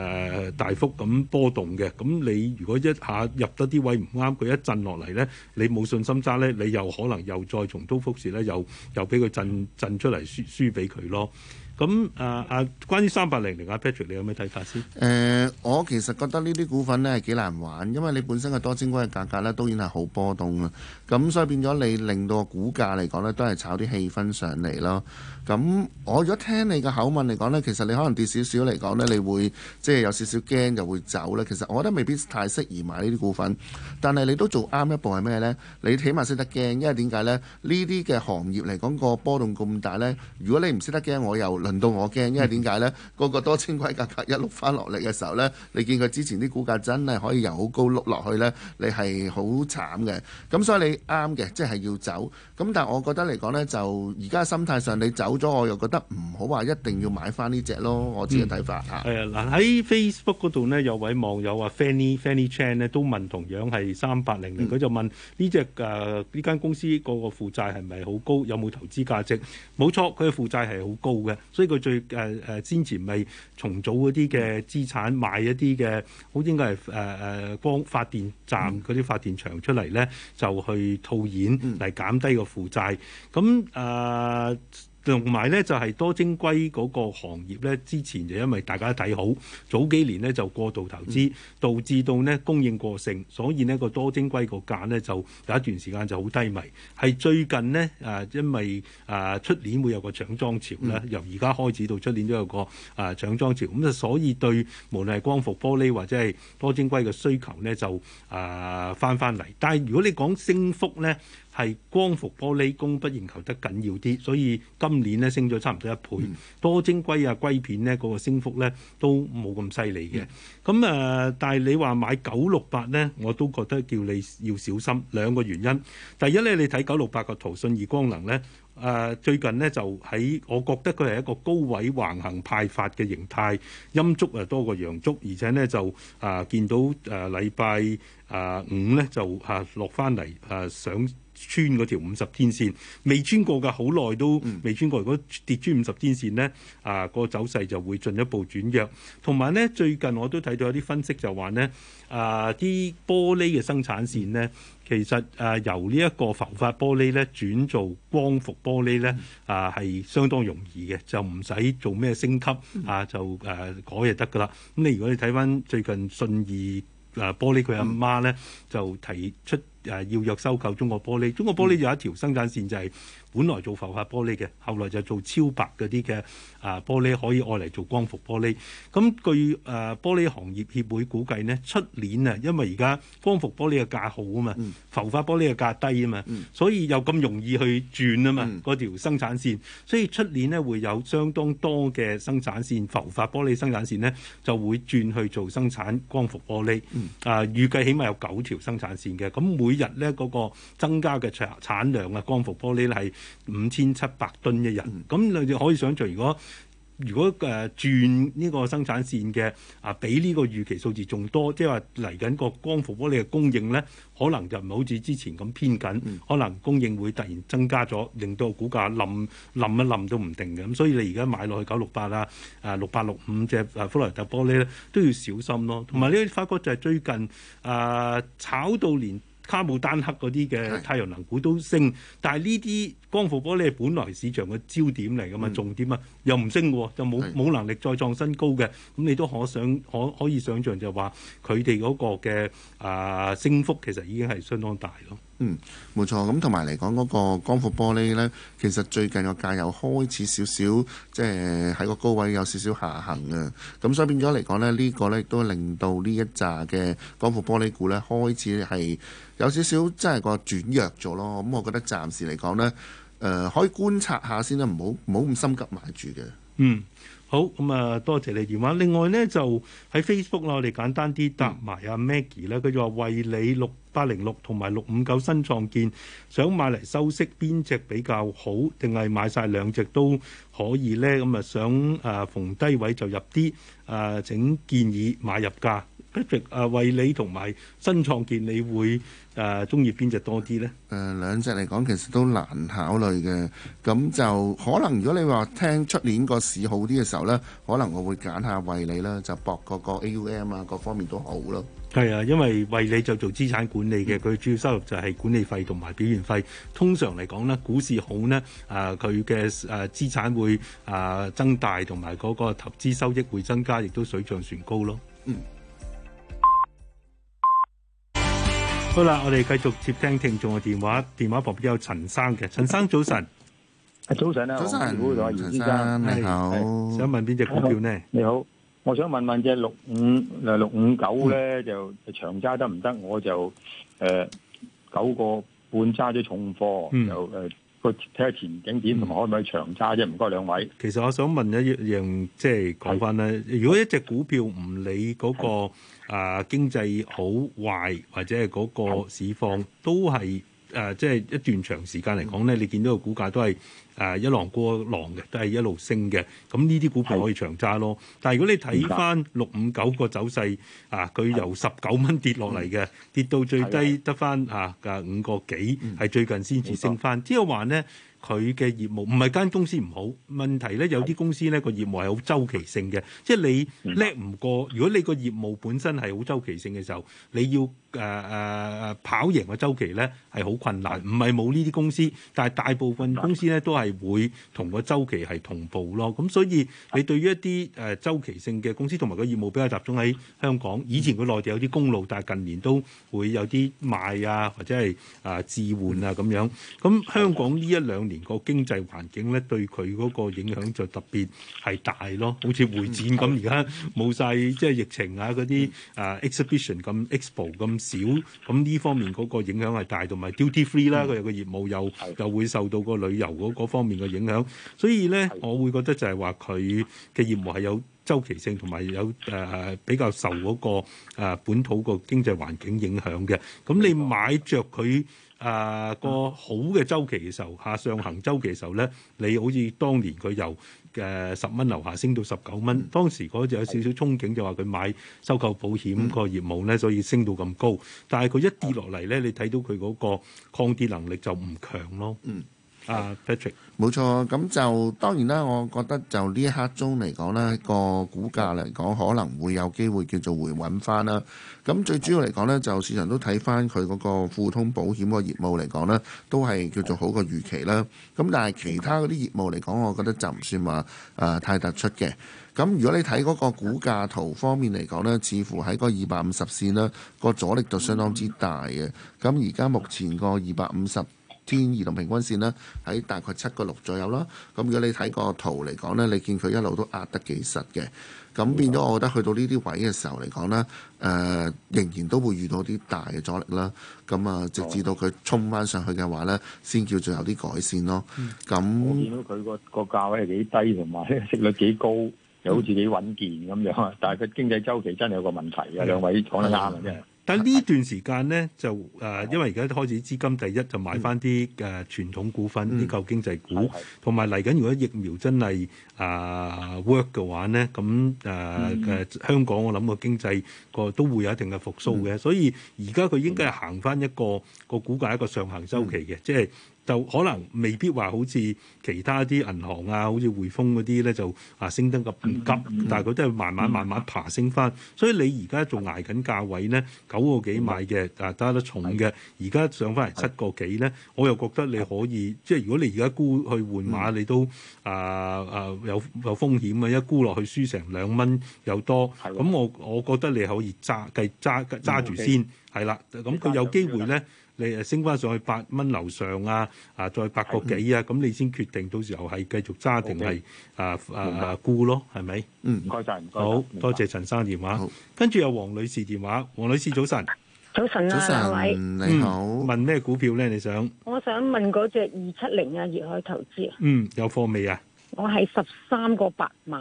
啊、大幅咁波動嘅，咁你如果一下入得啲位唔啱，佢一震落嚟呢，你冇信心揸呢，你又可能又再重蹈覆轍呢，又又俾佢震震出嚟輸輸俾佢咯。咁啊啊，關於三百零零啊 Patrick，你有咩睇法先？誒、呃，我其實覺得呢啲股份呢係幾難玩，因為你本身嘅多晶硅嘅價格呢，當然係好波動啊。咁所以變咗你令到個股價嚟講呢，都係炒啲氣氛上嚟咯。咁我如果聽你嘅口吻嚟講咧，其實你可能跌少少嚟講咧，你會即係有少少驚就會走咧。其實我覺得未必太適宜買呢啲股份，但係你都做啱一步係咩咧？你起碼識得驚，因為點解咧？呢啲嘅行業嚟講個波動咁大咧，如果你唔識得驚，我又輪到我驚，因為點解咧？個個多清規價格一碌翻落嚟嘅時候咧，你見佢之前啲股價真係可以由好高碌落去咧，你係好慘嘅。咁所以你啱嘅，即係要走。咁但係我覺得嚟講咧，就而家嘅心態上你走咗，我又覺得唔好話一定要買返呢隻咯，我自己睇法吓。係啊、嗯，嗱喺 Facebook 嗰度呢，有位網友話 Fanny Fanny Chan 呢都問同樣係三八零零，佢就問呢隻誒呢間公司個個負債係咪好高，有冇投資價值？冇錯，佢嘅負債係好高嘅，所以佢最誒誒、呃呃、先前咪重組嗰啲嘅資產，賣一啲嘅，好應該係誒誒光伏發電站嗰啲、嗯、發電場出嚟咧，就去套現嚟減低個負債。咁誒、嗯。嗯呃同埋咧就係多晶硅嗰個行業咧，之前就因為大家睇好，早幾年呢就過度投資，導致到呢供應過剩，所以呢個多晶硅個價呢，就有一段時間就好低迷。係最近呢，誒，因為誒出年會有個搶裝潮咧，由而家開始到出年都有個誒搶裝潮，咁就所以對無論係光伏玻璃或者係多晶硅嘅需求呢，就誒翻翻嚟。但係如果你講升幅呢，係光伏玻璃供不應求得緊要啲，所以今年咧升咗差唔多一倍。嗯、多晶硅啊、硅片呢嗰個升幅呢都冇咁犀利嘅。咁啊，但係你話買九六八呢，我都覺得叫你要小心兩個原因。第一呢，你睇九六八個圖，信義光能呢，啊，最近呢就喺我覺得佢係一個高位橫行派發嘅形態，陰燭啊多過陽燭，而且呢就啊見到啊禮拜啊五呢就啊落翻嚟啊上。穿嗰條五十天線未穿過嘅，好耐都未穿過。如果跌穿五十天線咧，啊、個走勢就會進一步轉弱。同埋咧，最近我都睇到有啲分析就話咧，啊啲玻璃嘅生產線咧，其實誒、啊、由呢一個浮法玻璃咧轉做光伏玻璃咧，啊係相當容易嘅，就唔使做咩升級啊，就誒改又得噶啦。咁你如果你睇翻最近信義啊玻璃佢阿媽咧，就提出。誒要約收購中國玻璃，中國玻璃有一條生產線，就係、是。本來做浮法玻璃嘅，後來就做超白嗰啲嘅啊玻璃，可以愛嚟做光伏玻璃。咁據誒玻璃行業協會估計呢，出年啊，因為而家光伏玻璃嘅價好啊嘛，浮法玻璃嘅價低啊嘛，所以又咁容易去轉啊嘛，嗰條生產線。所以出年呢，會有相當多嘅生產線浮法玻璃生產線呢，就會轉去做生產光伏玻璃。啊、呃，預計起碼有九條生產線嘅。咁每日呢，嗰個增加嘅產量啊，光伏玻璃咧係。五千七百噸一日，咁你就可以想象，如果如果誒、呃、轉呢個生產線嘅啊，比呢個預期數字仲多，即係話嚟緊個光伏玻璃嘅供應咧，可能就唔係好似之前咁偏緊，可能供應會突然增加咗，令到股價冧冧一冧都唔定嘅。咁所以你而家買落去九六八啦，誒六八六五隻誒福萊特玻璃咧，都要小心咯。同埋呢啲發覺就係最近誒、啊、炒到連。卡姆丹克嗰啲嘅太陽能股都升，的但係呢啲光伏玻璃係本來市場嘅焦點嚟㗎嘛，嗯、重點啊又唔升喎，就冇冇的能力再創新高嘅，咁你都可想可可以想象就話佢哋嗰個嘅啊、呃、升幅其實已經係相當大咯。嗯，冇錯，咁同埋嚟講嗰個光伏玻璃呢，其實最近個價又開始少少，即係喺個高位有少少下行啊。咁所以變咗嚟講呢，呢個呢都令到呢一扎嘅光伏玻璃股呢，開始係有少少即係個轉弱咗咯。咁我覺得暫時嚟講呢，誒、呃、可以觀察下先啦，唔好唔好咁心急埋住嘅。嗯。好咁啊，嗯，多謝你電話。另外咧就喺 Facebook 啦，我哋簡單啲答埋阿 Maggie 啦。佢就話為你六八零六同埋六五九新創建，想買嚟收息邊隻比較好，定係買晒兩隻都可以咧？咁，嗯，啊想啊，呃、逢低位就入啲啊，呃，請建議買入價。budget 啊，惠理同埋新創建，你會誒中意邊隻多啲咧？誒、呃，兩隻嚟講，其實都難考慮嘅。咁就可能如果你話聽出年個市好啲嘅時候咧，可能我會揀下惠理啦，就博嗰個，個 AUM 啊，各方面都好咯。係啊，因為惠理就做資產管理嘅，佢主要收入就係管理費同埋表現費。通常嚟講咧，股市好咧，誒、呃，佢嘅誒資產會誒增大，同埋嗰個投資收益會增加，亦都水漲船高咯。嗯。好啦，睇下前景點，同埋可唔可以長揸啫？唔該，兩位。其實我想問一樣，即係講翻咧，如果一隻股票唔理嗰、那個啊經濟好壞，或者係嗰個市況，都係誒，即、啊、係、就是、一段長時間嚟講咧，你見到個股價都係。誒、啊、一浪過浪嘅，都係一路升嘅。咁呢啲股票可以長揸咯。是但係如果你睇翻六五九個走勢，啊，佢由十九蚊跌落嚟嘅，嗯、跌到最低得翻啊，五個幾，係最近先至升翻。即係話咧。佢嘅業務唔係間公司唔好，問題咧有啲公司咧個業務係好周期性嘅，即係你叻唔過。如果你個業務本身係好周期性嘅時候，你要誒誒誒跑贏個周期咧係好困難，唔係冇呢啲公司，但係大部分公司咧都係會同個周期係同步咯。咁所以你對於一啲誒周期性嘅公司，同埋個業務比較集中喺香港。以前佢內地有啲公路，但係近年都會有啲賣啊，或者係誒置換啊咁樣，咁香港呢一兩。年個經濟環境咧，對佢嗰個影響就特別係大咯。好似會展咁，而家冇晒，即係疫情啊嗰啲誒 exhibition 咁 expo 咁少，咁呢方面嗰個影響係大，同埋 duty free 啦，佢有個業務又的又會受到個旅遊嗰方面嘅影響。所以咧，我會覺得就係話佢嘅業務係有周期性，同埋有誒比較受嗰個誒本土個經濟環境影響嘅。咁你買着佢。啊，那個好嘅週期嘅時候，下上行週期嘅時候咧，你好似當年佢由誒十蚊樓下升到十九蚊，嗯、當時嗰陣有少少憧憬，就話佢買收購保險個業務咧，所以升到咁高。但係佢一跌落嚟咧，你睇到佢嗰個抗跌能力就唔強咯。嗯。啊，Patrick，冇錯，咁就當然啦。我覺得就呢一刻鐘嚟講咧，個股價嚟講可能會有機會叫做回穩翻啦。咁最主要嚟講呢，就市場都睇翻佢嗰個富通保險個業務嚟講咧，都係叫做好過預期啦。咁但係其他嗰啲業務嚟講，我覺得就唔算話誒、呃、太突出嘅。咁如果你睇嗰個股價圖方面嚟講呢，似乎喺個二百五十線啦，個阻力就相當之大嘅。咁而家目前個二百五十天移動平均線呢，喺大概七個六左右啦。咁如果你睇個圖嚟講呢，你見佢一路都壓得幾實嘅。咁變咗，我覺得去到呢啲位嘅時候嚟講呢，誒、呃、仍然都會遇到啲大嘅阻力啦。咁啊，直至到佢衝翻上去嘅話呢，先叫做有啲改善咯。咁、嗯、那我見到佢個個價位係幾低，同埋息率幾高，又好似幾穩健咁樣啊。但係佢經濟周期真係有個問題啊。的兩位講得啱啊，但呢段時間咧就誒、呃，因為而家開始資金第一就買翻啲誒傳統股份，啲舊、嗯、經濟股，同埋嚟緊如果疫苗真係啊、呃、work 嘅話咧，咁誒誒香港我諗個經濟個都會有一定嘅復甦嘅，嗯、所以而家佢應該係行翻一個、嗯、一個股價一個上行周期嘅，嗯、即係。就可能未必話好似其他啲銀行啊，好似匯豐嗰啲咧就啊升得咁急，但係佢都係慢慢慢慢爬升翻。所以你而家仲挨緊價位咧，九個幾買嘅，啊揸得重嘅，而家上翻嚟七個幾咧，我又覺得你可以，即係如果你而家沽去換碼，你都啊啊有有風險啊，一沽落去輸成兩蚊有多。咁我我覺得你可以揸計揸揸住先，係啦，咁佢有機會咧。你誒升翻上去八蚊樓上啊！啊，再八個幾啊？咁你先決定到時候係繼續揸定係啊啊沽咯，係咪？嗯，唔該曬，唔該。好多謝陳生電話。好，跟住有黃女士電話。黃女士早晨，早晨啊，各位，嗯，好。問咩股票咧？你想？我想問嗰隻二七零啊，粵海投資。嗯，有貨未啊？我係十三個八買，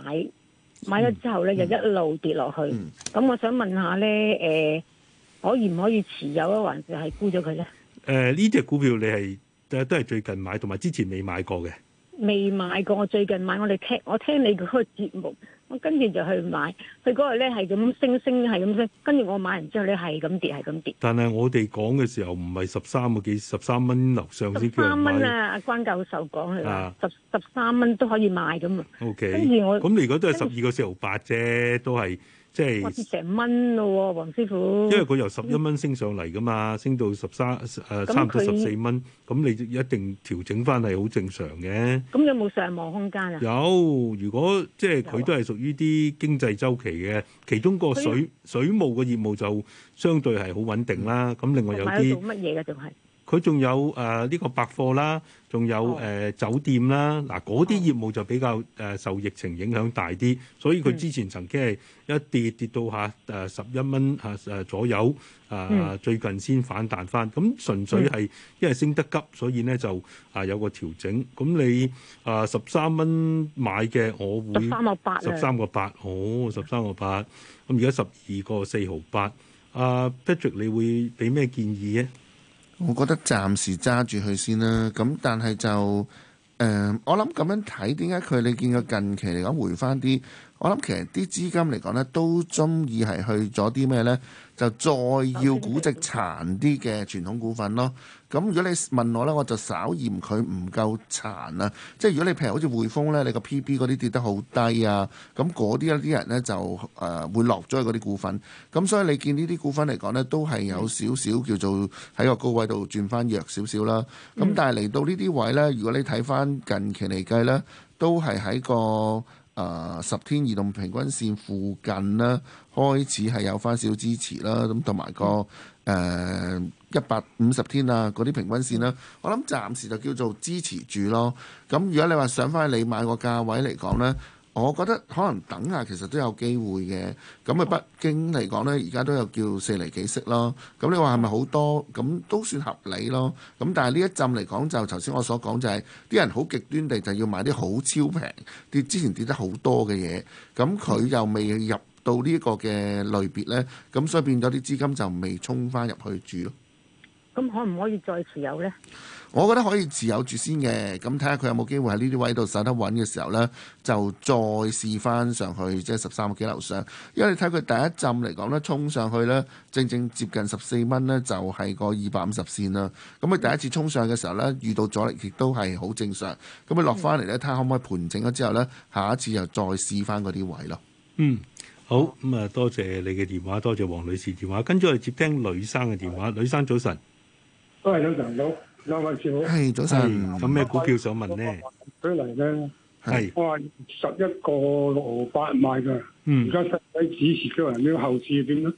買咗之後咧就一路跌落去。咁我想問下咧，誒？可以唔可以持有咧，還是係沽咗佢咧？誒、呃，呢隻股票你係誒、呃、都係最近買，同埋之前未買過嘅。未買過，我最近買，我哋聽我聽你個節目，我跟住就去買。佢嗰日咧係咁升升，係咁升，跟住我買完之後咧係咁跌，係咁跌。但係我哋講嘅時候唔係十三個幾，十三蚊樓上先叫買。十三蚊啊，啊關教授講係十十三蚊都可以買噶嘛。O K，咁而我咁嚟講都係十二個四毫八啫，都係 okay,。即係成蚊咯，黃師傅。因為佢由十一蚊升上嚟㗎嘛，升到十三誒，差唔多十四蚊。咁你一定調整返係好正常嘅。咁有冇上望空間啊？有，如果即係佢都係屬於啲經濟週期嘅，其中個水水務嘅業務就相對係好穩定啦。咁另外有啲乜嘢嘅仲係？佢仲有誒呢個百貨啦，仲有誒酒店啦，嗱嗰啲業務就比較誒受疫情影響大啲，所以佢之前曾經係一跌跌到下誒十一蚊嚇誒左右，誒、呃、最近先反彈翻。咁純粹係因為升得急，所以咧就啊有個調整。咁你啊十三蚊買嘅，我會十三個八，十三個八，哦十三個八。咁而家十二個四毫八。啊 Patrick，你會俾咩建議咧？我覺得暫時揸住佢先啦、啊，咁但係就誒、呃，我諗咁樣睇，點解佢你見佢近期嚟講回翻啲？我諗其實啲資金嚟講咧，都中意係去咗啲咩咧？就再要估值殘啲嘅傳統股份咯。咁如果你問我呢，我就稍嫌佢唔夠殘啊。即係如果你譬如好似匯豐呢，你個 P/B 嗰啲跌得好低啊。咁嗰啲一啲人呢就誒、呃、會落咗去嗰啲股份。咁所以你見呢啲股份嚟講呢，都係有少少叫做喺個高位度轉翻弱少少啦。咁但係嚟到呢啲位呢，如果你睇翻近期嚟計呢，都係喺個。誒、呃、十天移動平均線附近咧，開始係有翻少少支持啦，咁同埋個誒一百五十天啊嗰啲平均線啦，我諗暫時就叫做支持住咯。咁、嗯、如果你話上翻去你買個價位嚟講咧。我覺得可能等下其實都有機會嘅。咁啊，北京嚟講呢，而家都有叫四厘幾息咯。咁你話係咪好多？咁都算合理咯。咁但係呢一陣嚟講就，就頭先我所講就係啲人好極端地就要買啲好超平跌，之前跌得好多嘅嘢。咁佢又未入到呢一個嘅類別呢，咁所以變咗啲資金就未衝翻入去住咯。咁可唔可以再持有呢？我覺得可以持有住先嘅，咁睇下佢有冇機會喺呢啲位度走得穩嘅時候呢，就再試翻上去，即係十三個幾樓上。因為你睇佢第一浸嚟講呢，衝上去呢，正正接近十四蚊呢，就係個二百五十線啦。咁佢第一次衝上去嘅時候呢，遇到阻力亦都係好正常。咁佢落翻嚟呢，睇下可唔可以盤整咗之後呢，下一次又再試翻嗰啲位咯。嗯，好，咁啊，多謝你嘅電話，多謝黃女士電話，跟住我哋接聽女生嘅電話。女生早晨。都係早晨，好劉文兆，係早晨，有咩股票想問咧？水泥咧，係我話十一個六八賣嘅，而家身體指示嘅話，呢個後市點咧？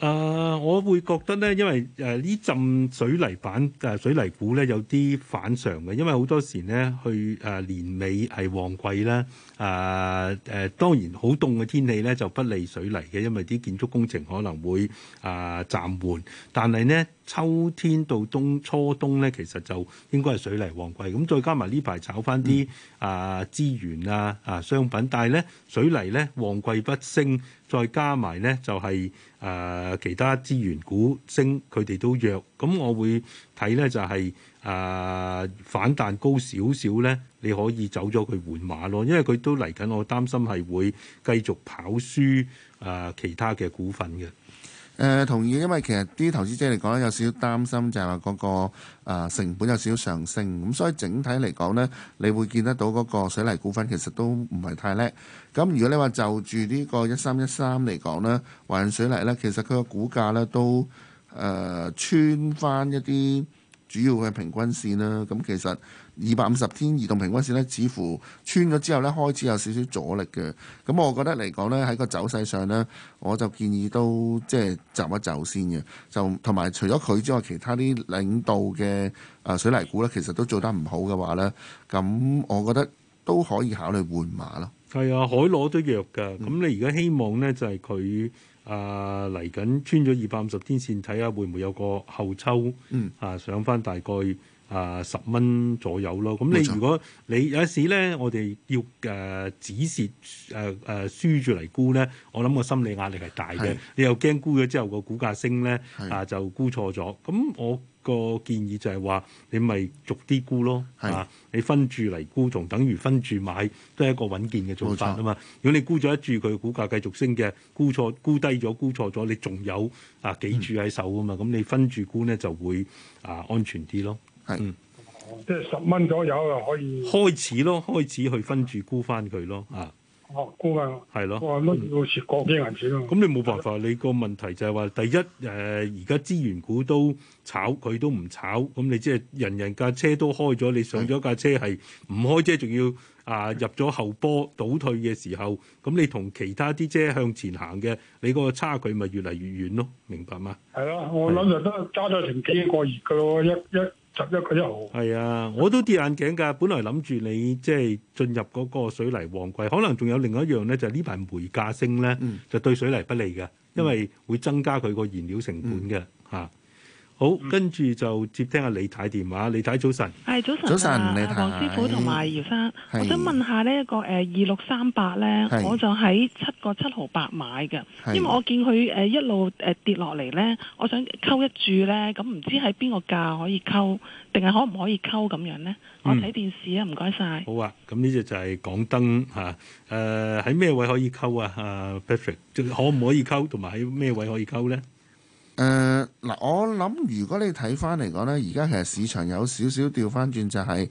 啊，我會覺得咧，因為誒呢陣水泥板誒水泥股咧有啲反常嘅，因為好多時咧去誒年尾係旺季啦，啊誒當然好凍嘅天氣咧就不利水泥嘅，因為啲建築工程可能會啊暫緩，但係咧。秋天到冬初冬咧，其實就應該係水泥旺季。咁再加埋呢排炒返啲啊資源啊啊商品，但係咧水泥咧旺季不升，再加埋咧就係、是、誒、呃、其他資源股升，佢哋都弱。咁我會睇咧就係、是、誒、呃、反彈高少少咧，你可以走咗佢換馬咯，因為佢都嚟緊，我擔心係會繼續跑輸誒、呃、其他嘅股份嘅。誒同意，因為其實啲投資者嚟講咧有少少擔心就、那個，就係話嗰個成本有少少上升，咁所以整體嚟講咧，你會見得到嗰個水泥股份其實都唔係太叻。咁如果你話就住呢個一三一三嚟講咧，華潤水泥咧，其實佢個股價咧都誒、呃、穿翻一啲。主要嘅平均線啦，咁其實二百五十天移動平均線呢，似乎穿咗之後呢，開始有少少阻力嘅。咁我覺得嚟講呢，喺個走勢上呢，我就建議都即係走一走先嘅。就同埋除咗佢之外，其他啲領導嘅啊、呃、水泥股呢，其實都做得唔好嘅話呢，咁我覺得都可以考慮換馬咯。係啊，海螺都弱噶。咁、嗯、你而家希望呢，就係、是、佢。啊，嚟緊、呃、穿咗二百五十天線，睇下會唔會有個後抽，嗯、啊，上返大概啊十蚊左右咯。咁錯你如果你有時咧，我哋要誒止蝕誒誒輸住嚟沽咧，我諗我心理壓力係大嘅。嗯、你又驚沽咗之後個股價升咧，嗯、啊就沽錯咗。咁我。個建議就係話，你咪逐啲沽咯，係是啊，你分住嚟沽，仲等於分住買，都係一個穩健嘅做法啊嘛。錯如果你沽咗一注，佢股價繼續升嘅，沽錯沽低咗，沽錯咗，你仲有啊幾注喺手啊嘛，咁、嗯、你分住沽咧就會啊安全啲咯。係是，嗯、即係十蚊左右就可以開始咯，開始去分住沽翻佢咯，啊。哦，高啊！係、啊、咯，哇，乜嘢都蝕光、啊，銀紙咯！咁你冇辦法，你個問題就係話，第一，誒、呃，而家資源股都炒，佢都唔炒，咁你即係人人架車都開咗，你上咗架車係唔開車，仲要啊入咗後波倒退嘅時候，咁你同其他啲車向前行嘅，你個差距咪越嚟越遠咯，明白嗎？係咯、啊，我諗就都揸咗成幾個月噶咯，一一。十一個一毫，係、嗯、 啊！我都跌眼鏡㗎。本來諗住你即係進入嗰個水泥旺季，可能仲有另一樣咧，就呢、是、排煤價升咧，就對水泥不利嘅，因為會增加佢個燃料成本嘅嚇。好，跟住就接聽阿李太電話。李太早晨，係早晨，早晨，李太，黃、啊、師傅同埋姚生，是我想問下、那個、呢一個誒二六三八咧，是我就喺七個七毫八買嘅，是因為我見佢誒一路誒跌落嚟咧，我想溝一注咧，咁唔知喺邊個價可以溝，定係可唔可以溝咁樣咧？我睇電視啊，唔該晒。好啊，咁呢隻就係港燈嚇，誒喺咩位可以溝啊？阿 Patrick，可唔可以溝？同埋喺咩位可以溝咧？誒，嗱、呃，我諗如果你睇翻嚟講咧，而家其實市場有少少調翻轉，就係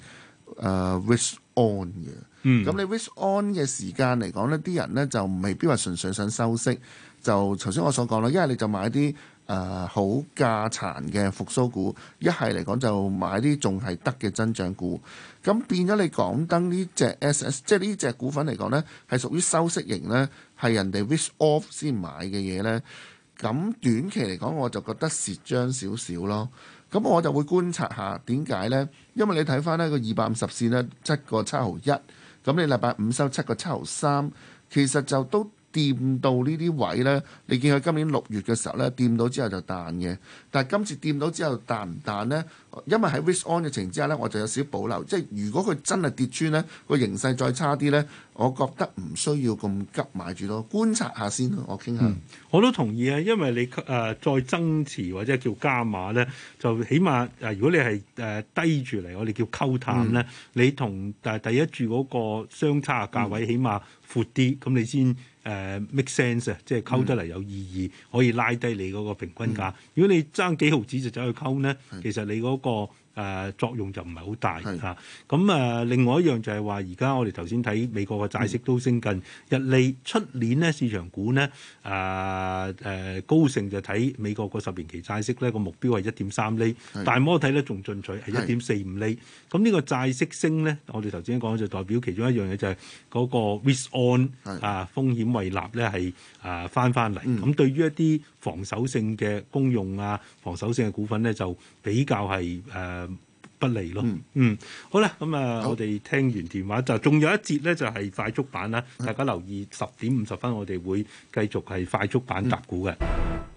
誒，wish on 嘅。嗯。咁你 wish on 嘅時間嚟講咧，啲人咧就未必話純粹想收息，就頭先我所講啦，一係你就買啲誒、呃、好價殘嘅復蘇股，一係嚟講就買啲仲係得嘅增長股。咁變咗你講登呢隻 S S，即係呢隻股份嚟講咧，係屬於收息型咧，係人哋 wish off 先買嘅嘢咧。咁短期嚟講，我就覺得蝕張少少咯。咁我就會觀察下點解呢？因為你睇翻呢個二百五十線呢，七個七毫一。咁你禮拜五收七個七毫三，其實就都掂到呢啲位呢。你見佢今年六月嘅時候呢，掂到之後就彈嘅。但係今次跌到之後彈唔彈呢？因為喺 risk on 嘅情況之下呢，我就有少少保留。即係如果佢真係跌穿呢，個形勢再差啲呢，我覺得唔需要咁急買住咯，觀察下先，我傾下、嗯，我都同意啊，因為你誒、呃、再增持或者叫加碼呢，就起碼誒如果你係誒低住嚟，我哋叫溝淡呢。嗯、你同誒第一注嗰個相差價位起碼闊啲，咁你先誒、呃、make sense 啊，即係溝得嚟有意義，嗯、可以拉低你嗰個平均價。如果你爭幾毫子就走去溝咧，其實你嗰個誒作用就唔係好大吓。咁啊，另外一樣就係話，而家我哋頭先睇美國個債息都升近，日利出年咧，市場股咧誒誒，高盛就睇美國個十年期債息咧個目標係一點三厘，大摩睇咧仲進取係一點四五厘。咁呢個債息升咧，我哋頭先講就代表其中一樣嘢就係嗰個 risk on 啊風險胃納咧係啊翻翻嚟。咁對於一啲。防守性嘅公用啊，防守性嘅股份咧就比較係誒、呃、不利咯。嗯，好啦，咁啊，我哋聽完電話就仲好有一節咧，就係快速版啦。嗯、大家留意十點五十分，我哋會繼續係快速版答股嘅。嗯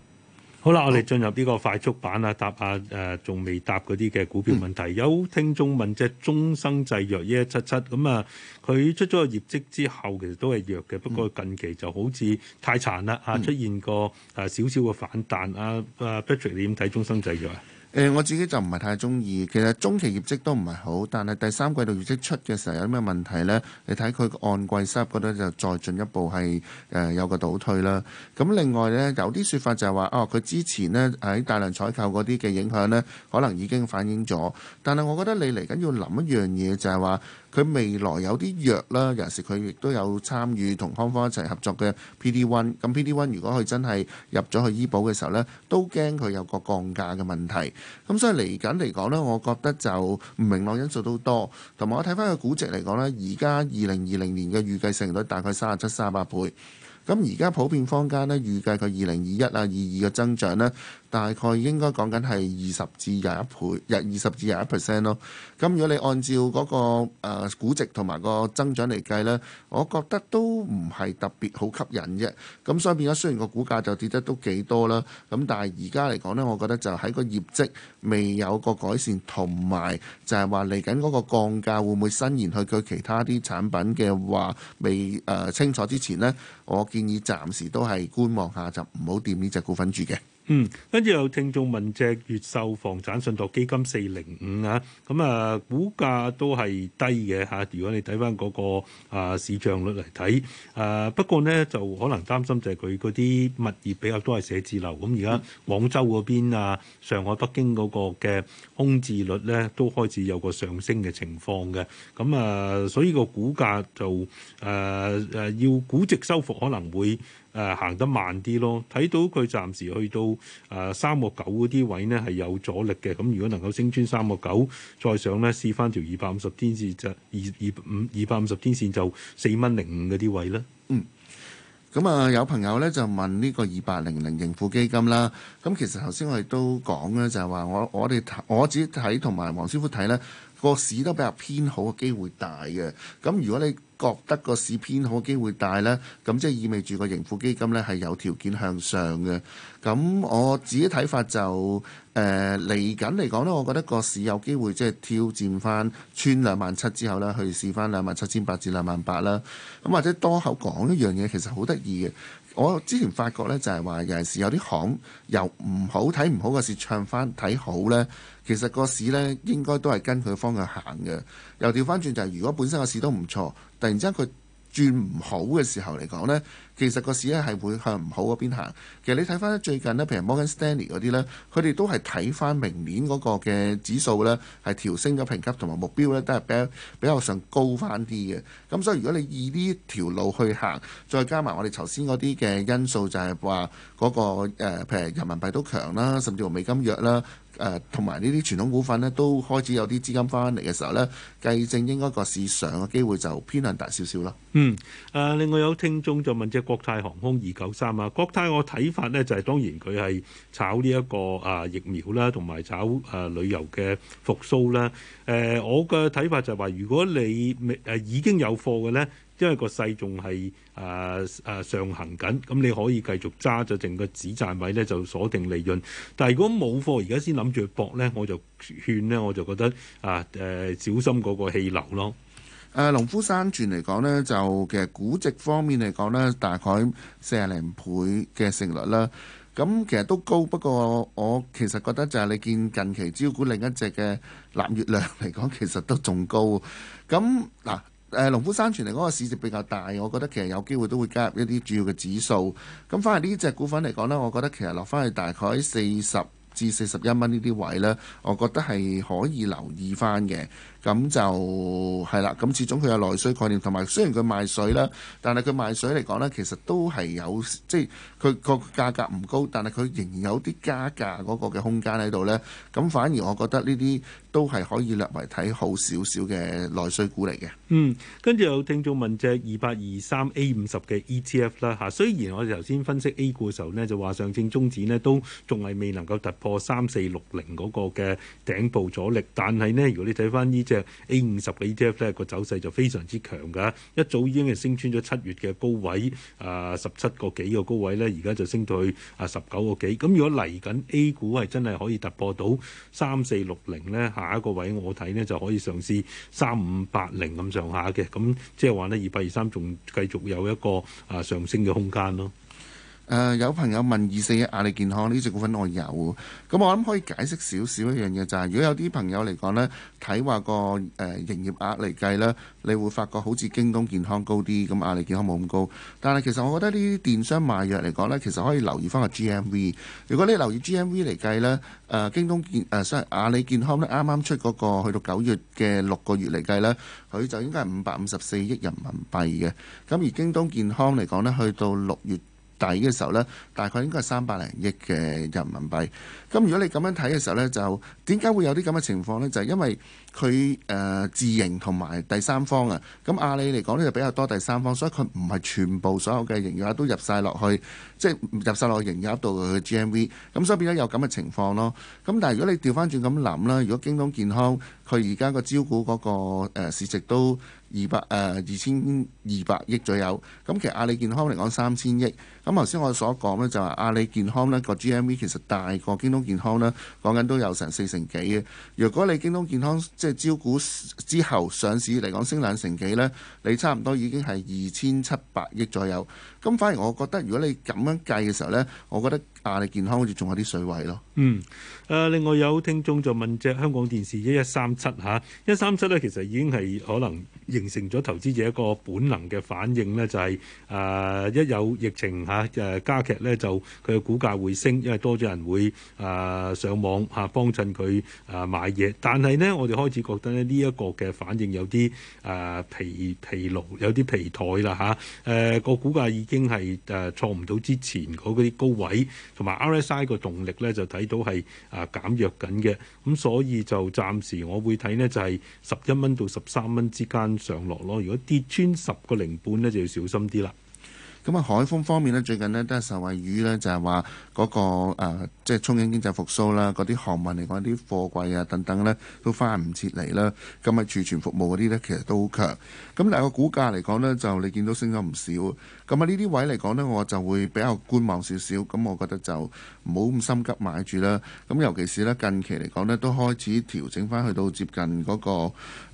好啦，我哋進入呢個快速版啊，答啊誒，仲、呃、未答嗰啲嘅股票問題。有聽眾問即係中生製藥一一七七咁啊，佢、嗯嗯、出咗個業績之後，其實都係弱嘅，不過近期就好似太殘啦啊，出現個誒少少嘅反彈啊啊，Patrick 你點睇中生製藥啊？誒、呃、我自己就唔係太中意，其實中期業績都唔係好，但係第三季度業績出嘅時候有啲咩問題呢？你睇佢按季收入咧就再進一步係誒、呃、有個倒退啦。咁另外呢，有啲説法就係話，哦佢之前呢喺大量採購嗰啲嘅影響呢，可能已經反映咗。但係我覺得你嚟緊要諗一樣嘢就係話。佢未來有啲弱啦，有時佢亦都有參與同康方一齊合作嘅 PD-1。咁 PD-1 如果佢真係入咗去醫保嘅時候呢，都驚佢有個降價嘅問題。咁所以嚟緊嚟講呢，我覺得就唔明朗因素都多。同埋我睇翻個估值嚟講呢，而家二零二零年嘅預計成率大概三十七、三十八倍。咁而家普遍坊間呢，預計佢二零二一啊、二二嘅增長呢。大概應該講緊係二十至廿一倍，廿二十至廿一 percent 咯。咁如果你按照嗰個、呃、估值同埋個增長嚟計咧，我覺得都唔係特別好吸引啫。咁所以變咗，雖然個股價就跌得都幾多啦。咁但係而家嚟講咧，我覺得就喺個業績未有個改善，同埋就係話嚟緊嗰個降價會唔會伸延去佢其他啲產品嘅話未誒、呃、清楚之前咧，我建議暫時都係觀望下，就唔好掂呢隻股份住嘅。嗯，跟住又聽眾問隻越秀房產信託基金四零五啊，咁啊，股價都係低嘅嚇、啊。如果你睇返嗰個啊市漲率嚟睇，誒、啊、不過咧就可能擔心就係佢嗰啲物業比較多係寫字樓。咁而家廣州嗰邊啊，上海、北京嗰個嘅空置率咧都開始有個上升嘅情況嘅。咁啊，所以個股價就誒誒、啊啊、要估值收復可能會。誒行得慢啲咯，睇到佢暫時去到誒三個九嗰啲位呢，係有阻力嘅，咁如果能夠升穿三個九，再上呢試翻條二百五十天線，就二二五二百五十天線就四蚊零五嗰啲位啦。嗯，咁啊有朋友呢就問呢個二八零零盈富基金啦，咁其實頭先我哋都講咧，就係話我我哋我自己睇同埋黃師傅睇呢。個市都比較偏好嘅機會大嘅，咁如果你覺得個市偏好嘅機會大呢，咁即係意味住個盈富基金呢係有條件向上嘅。咁、嗯、我自己睇法就誒嚟緊嚟講呢，我覺得個市有機會即係挑戰翻穿兩萬七之後呢，去試翻兩萬七千八至兩萬八啦。咁或者多口講一樣嘢，其實好得意嘅。我之前發覺呢，就係話有陣時有啲行由唔好睇唔好嘅市唱翻睇好呢。其實個市呢，應該都係跟佢方向行嘅。又調翻轉就係，如果本身個市都唔錯，突然之間佢轉唔好嘅時候嚟講呢。其實個市咧係會向唔好嗰邊行。其實你睇翻最近呢，譬如摩根史丹利嗰啲呢，佢哋都係睇翻明年嗰個嘅指數呢，係調升咗評級，同埋目標呢都係比較比較上高翻啲嘅。咁所以如果你以呢條路去行，再加埋我哋頭先嗰啲嘅因素，就是，就係話嗰個、呃、譬如人民幣都強啦，甚至乎美金弱啦，誒同埋呢啲傳統股份呢都開始有啲資金翻嚟嘅時候呢，計正應該個市場嘅機會就偏向大少少咯。嗯，誒、啊、另外有聽眾就問國泰航空二九三啊，國泰我睇法咧就係、是、當然佢係炒呢一個啊疫苗啦，同埋炒啊旅遊嘅復甦啦。誒、呃，我嘅睇法就係、是、話，如果你未誒、呃、已經有貨嘅咧，因為個勢仲係啊啊上行緊，咁你可以繼續揸咗成個止賺位咧，就鎖定利潤。但係如果冇貨，而家先諗住去搏咧，我就勸咧，我就覺得啊誒、呃、小心嗰個氣流咯。誒農夫山泉嚟講呢，就其實估值方面嚟講呢，大概四十零倍嘅市盈率啦。咁其實都高，不過我其實覺得就係你見近期招股另一隻嘅藍月亮嚟講，其實都仲高。咁嗱，誒農夫山泉嚟講個市值比較大，我覺得其實有機會都會加入一啲主要嘅指數。咁翻嚟呢隻股份嚟講呢，我覺得其實落翻去大概四十至四十一蚊呢啲位呢，我覺得係可以留意翻嘅。咁就係啦，咁始終佢有內需概念，同埋雖然佢賣水啦，但係佢賣水嚟講呢，其實都係有即係佢個價格唔高，但係佢仍然有啲加價嗰個嘅空間喺度呢。咁反而我覺得呢啲都係可以略為睇好少少嘅內需股嚟嘅。嗯，跟住有聽眾問隻二八二三 A 五十嘅 ETF 啦嚇。雖然我哋頭先分析 A 股嘅時候呢，就話上證綜指呢都仲係未能夠突破三四六零嗰個嘅頂部阻力，但係呢如果你睇翻呢隻。A 五十嘅 ETF 咧個走勢就非常之強噶，一早已經係升穿咗七月嘅高位啊，呃、十七個幾嘅高位咧，而家就升到去啊十九個幾。咁如果嚟緊 A 股係真係可以突破到三四六零咧，下一個位我睇呢就可以嘗試三五八零咁上下嘅。咁即係話呢，二八二三仲繼續有一個啊上升嘅空間咯。誒、呃、有朋友問二四嘅阿里健康呢隻股份我、嗯，我有，咁我諗可以解釋少少一樣嘢就係、是，如果有啲朋友嚟講呢，睇話個誒營、呃、業額嚟計呢，你會發覺好似京東健康高啲，咁阿里健康冇咁高。但係其實我覺得呢啲電商賣藥嚟講呢，其實可以留意翻個 G M V。如果你留意 G M V 嚟計呢，誒、呃、京東健誒阿里健康呢啱啱出嗰、那個去到九月嘅六個月嚟計呢，佢就應該係五百五十四億人民幣嘅。咁而京東健康嚟講呢，去到六月。大嘅時候呢，大概應該係三百零億嘅人民幣。咁如果你咁樣睇嘅時候呢，就點解會有啲咁嘅情況呢？就係、是、因為佢誒、呃、自營同埋第三方啊。咁阿里嚟講呢，就比較多第三方，所以佢唔係全部所有嘅營業額都入晒落去，即、就、係、是、入晒落去營業額度嘅 G M V。咁所以變咗有咁嘅情況咯。咁但係如果你調翻轉咁諗啦，如果京東健康佢而家個招股嗰個市值都二百誒二千二百億左右。咁其實阿里健康嚟講三千億。咁頭先我所講呢，就係阿里健康呢個 G M V 其實大過京東。健康啦，講緊都有成四成幾嘅。如果你京東健康即係招股之後上市嚟講，升兩成幾咧，你差唔多已經係二千七百億左右。咁反而我覺得，如果你咁樣計嘅時候咧，我覺得。亞健康好似仲有啲水位咯。嗯，誒、啊，另外有聽眾就問，隻香港電視一一三七吓，一三七咧其實已經係可能形成咗投資者一個本能嘅反應咧，就係、是、誒、啊、一有疫情吓，誒、啊啊、加劇咧，就佢嘅股價會升，因為多咗人會誒、啊、上網吓幫襯佢誒買嘢。但係呢，我哋開始覺得咧呢一個嘅反應有啲誒、啊、疲疲勞，有啲疲態啦吓，誒、啊啊、個股價已經係誒、啊、錯唔到之前嗰啲高位。同埋 RSI 個動力咧就睇到係啊減弱緊嘅，咁所以就暫時我會睇呢，就係十一蚊到十三蚊之間上落咯。如果跌穿十個零半呢，就要小心啲啦。咁啊，海豐方面呢，最近呢，都係受惠於呢，就係話嗰個即係憧憬經濟復甦啦，嗰啲航運嚟講啲貨櫃啊等等呢，都翻唔切嚟啦。咁啊，儲存服務嗰啲呢，其實都好強。咁但係個股價嚟講呢，就你見到升咗唔少。咁啊，呢啲位嚟講呢，我就會比較觀望少少。咁我覺得就唔好咁心急買住啦。咁尤其是咧，近期嚟講呢，都開始調整翻，去到接近嗰個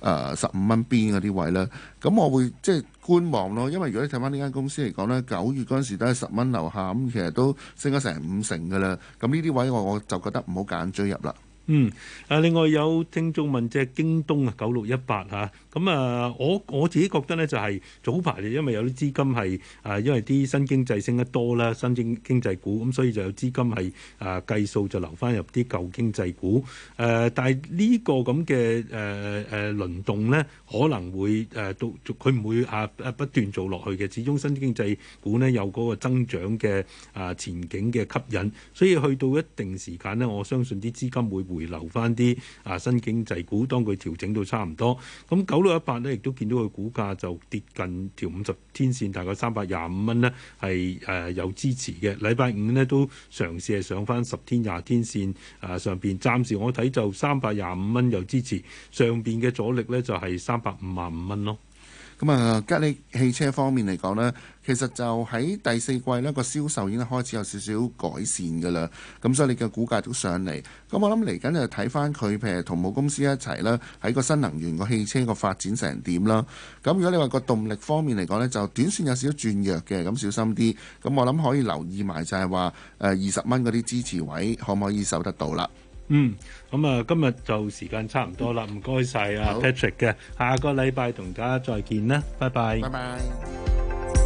誒十五蚊邊嗰啲位咧。咁我會即係觀望咯。因為如果你睇翻呢間公司嚟講呢，九月嗰陣時都係十蚊樓下，咁其實都升咗成五成噶啦。咁呢啲位我我就覺得唔好揀追入啦。嗯，啊，另外有聽眾問隻京東18，啊，九六一八嚇，咁啊，我我自己覺得呢就係早排就因為有啲資金係啊，因為啲新經濟升得多啦，新經經濟股咁、啊，所以就有資金係啊計數就留翻入啲舊經濟股。誒、啊，但係呢個咁嘅誒誒輪動呢，可能會誒到佢唔會啊不斷做落去嘅，始終新經濟股呢有嗰個增長嘅啊前景嘅吸引，所以去到一定時間呢，我相信啲資金會。回流翻啲啊新經濟股，當佢調整到差唔多，咁九六一八呢，亦都見到佢股價就跌近條五十天線，大概三百廿五蚊呢係誒、呃、有支持嘅。禮拜五呢，都嘗試係上翻十天廿天線啊上邊，暫時我睇就三百廿五蚊有支持，上邊嘅阻力呢，就係三百五十五蚊咯。咁啊，吉利、嗯、汽車方面嚟講呢，其實就喺第四季呢個銷售已經開始有少少改善噶啦。咁所以你嘅股價都上嚟。咁我諗嚟緊就睇翻佢誒同母公司一齊啦，喺個新能源個汽車個發展成點啦。咁如果你話個動力方面嚟講呢就短線有少少轉弱嘅，咁小心啲。咁我諗可以留意埋就係話誒二十蚊嗰啲支持位可唔可以守得到啦？嗯，咁、嗯、啊，今日就時間差唔多啦，唔該晒啊 Patrick 嘅好，下個禮拜同大家再見啦，拜拜。拜拜。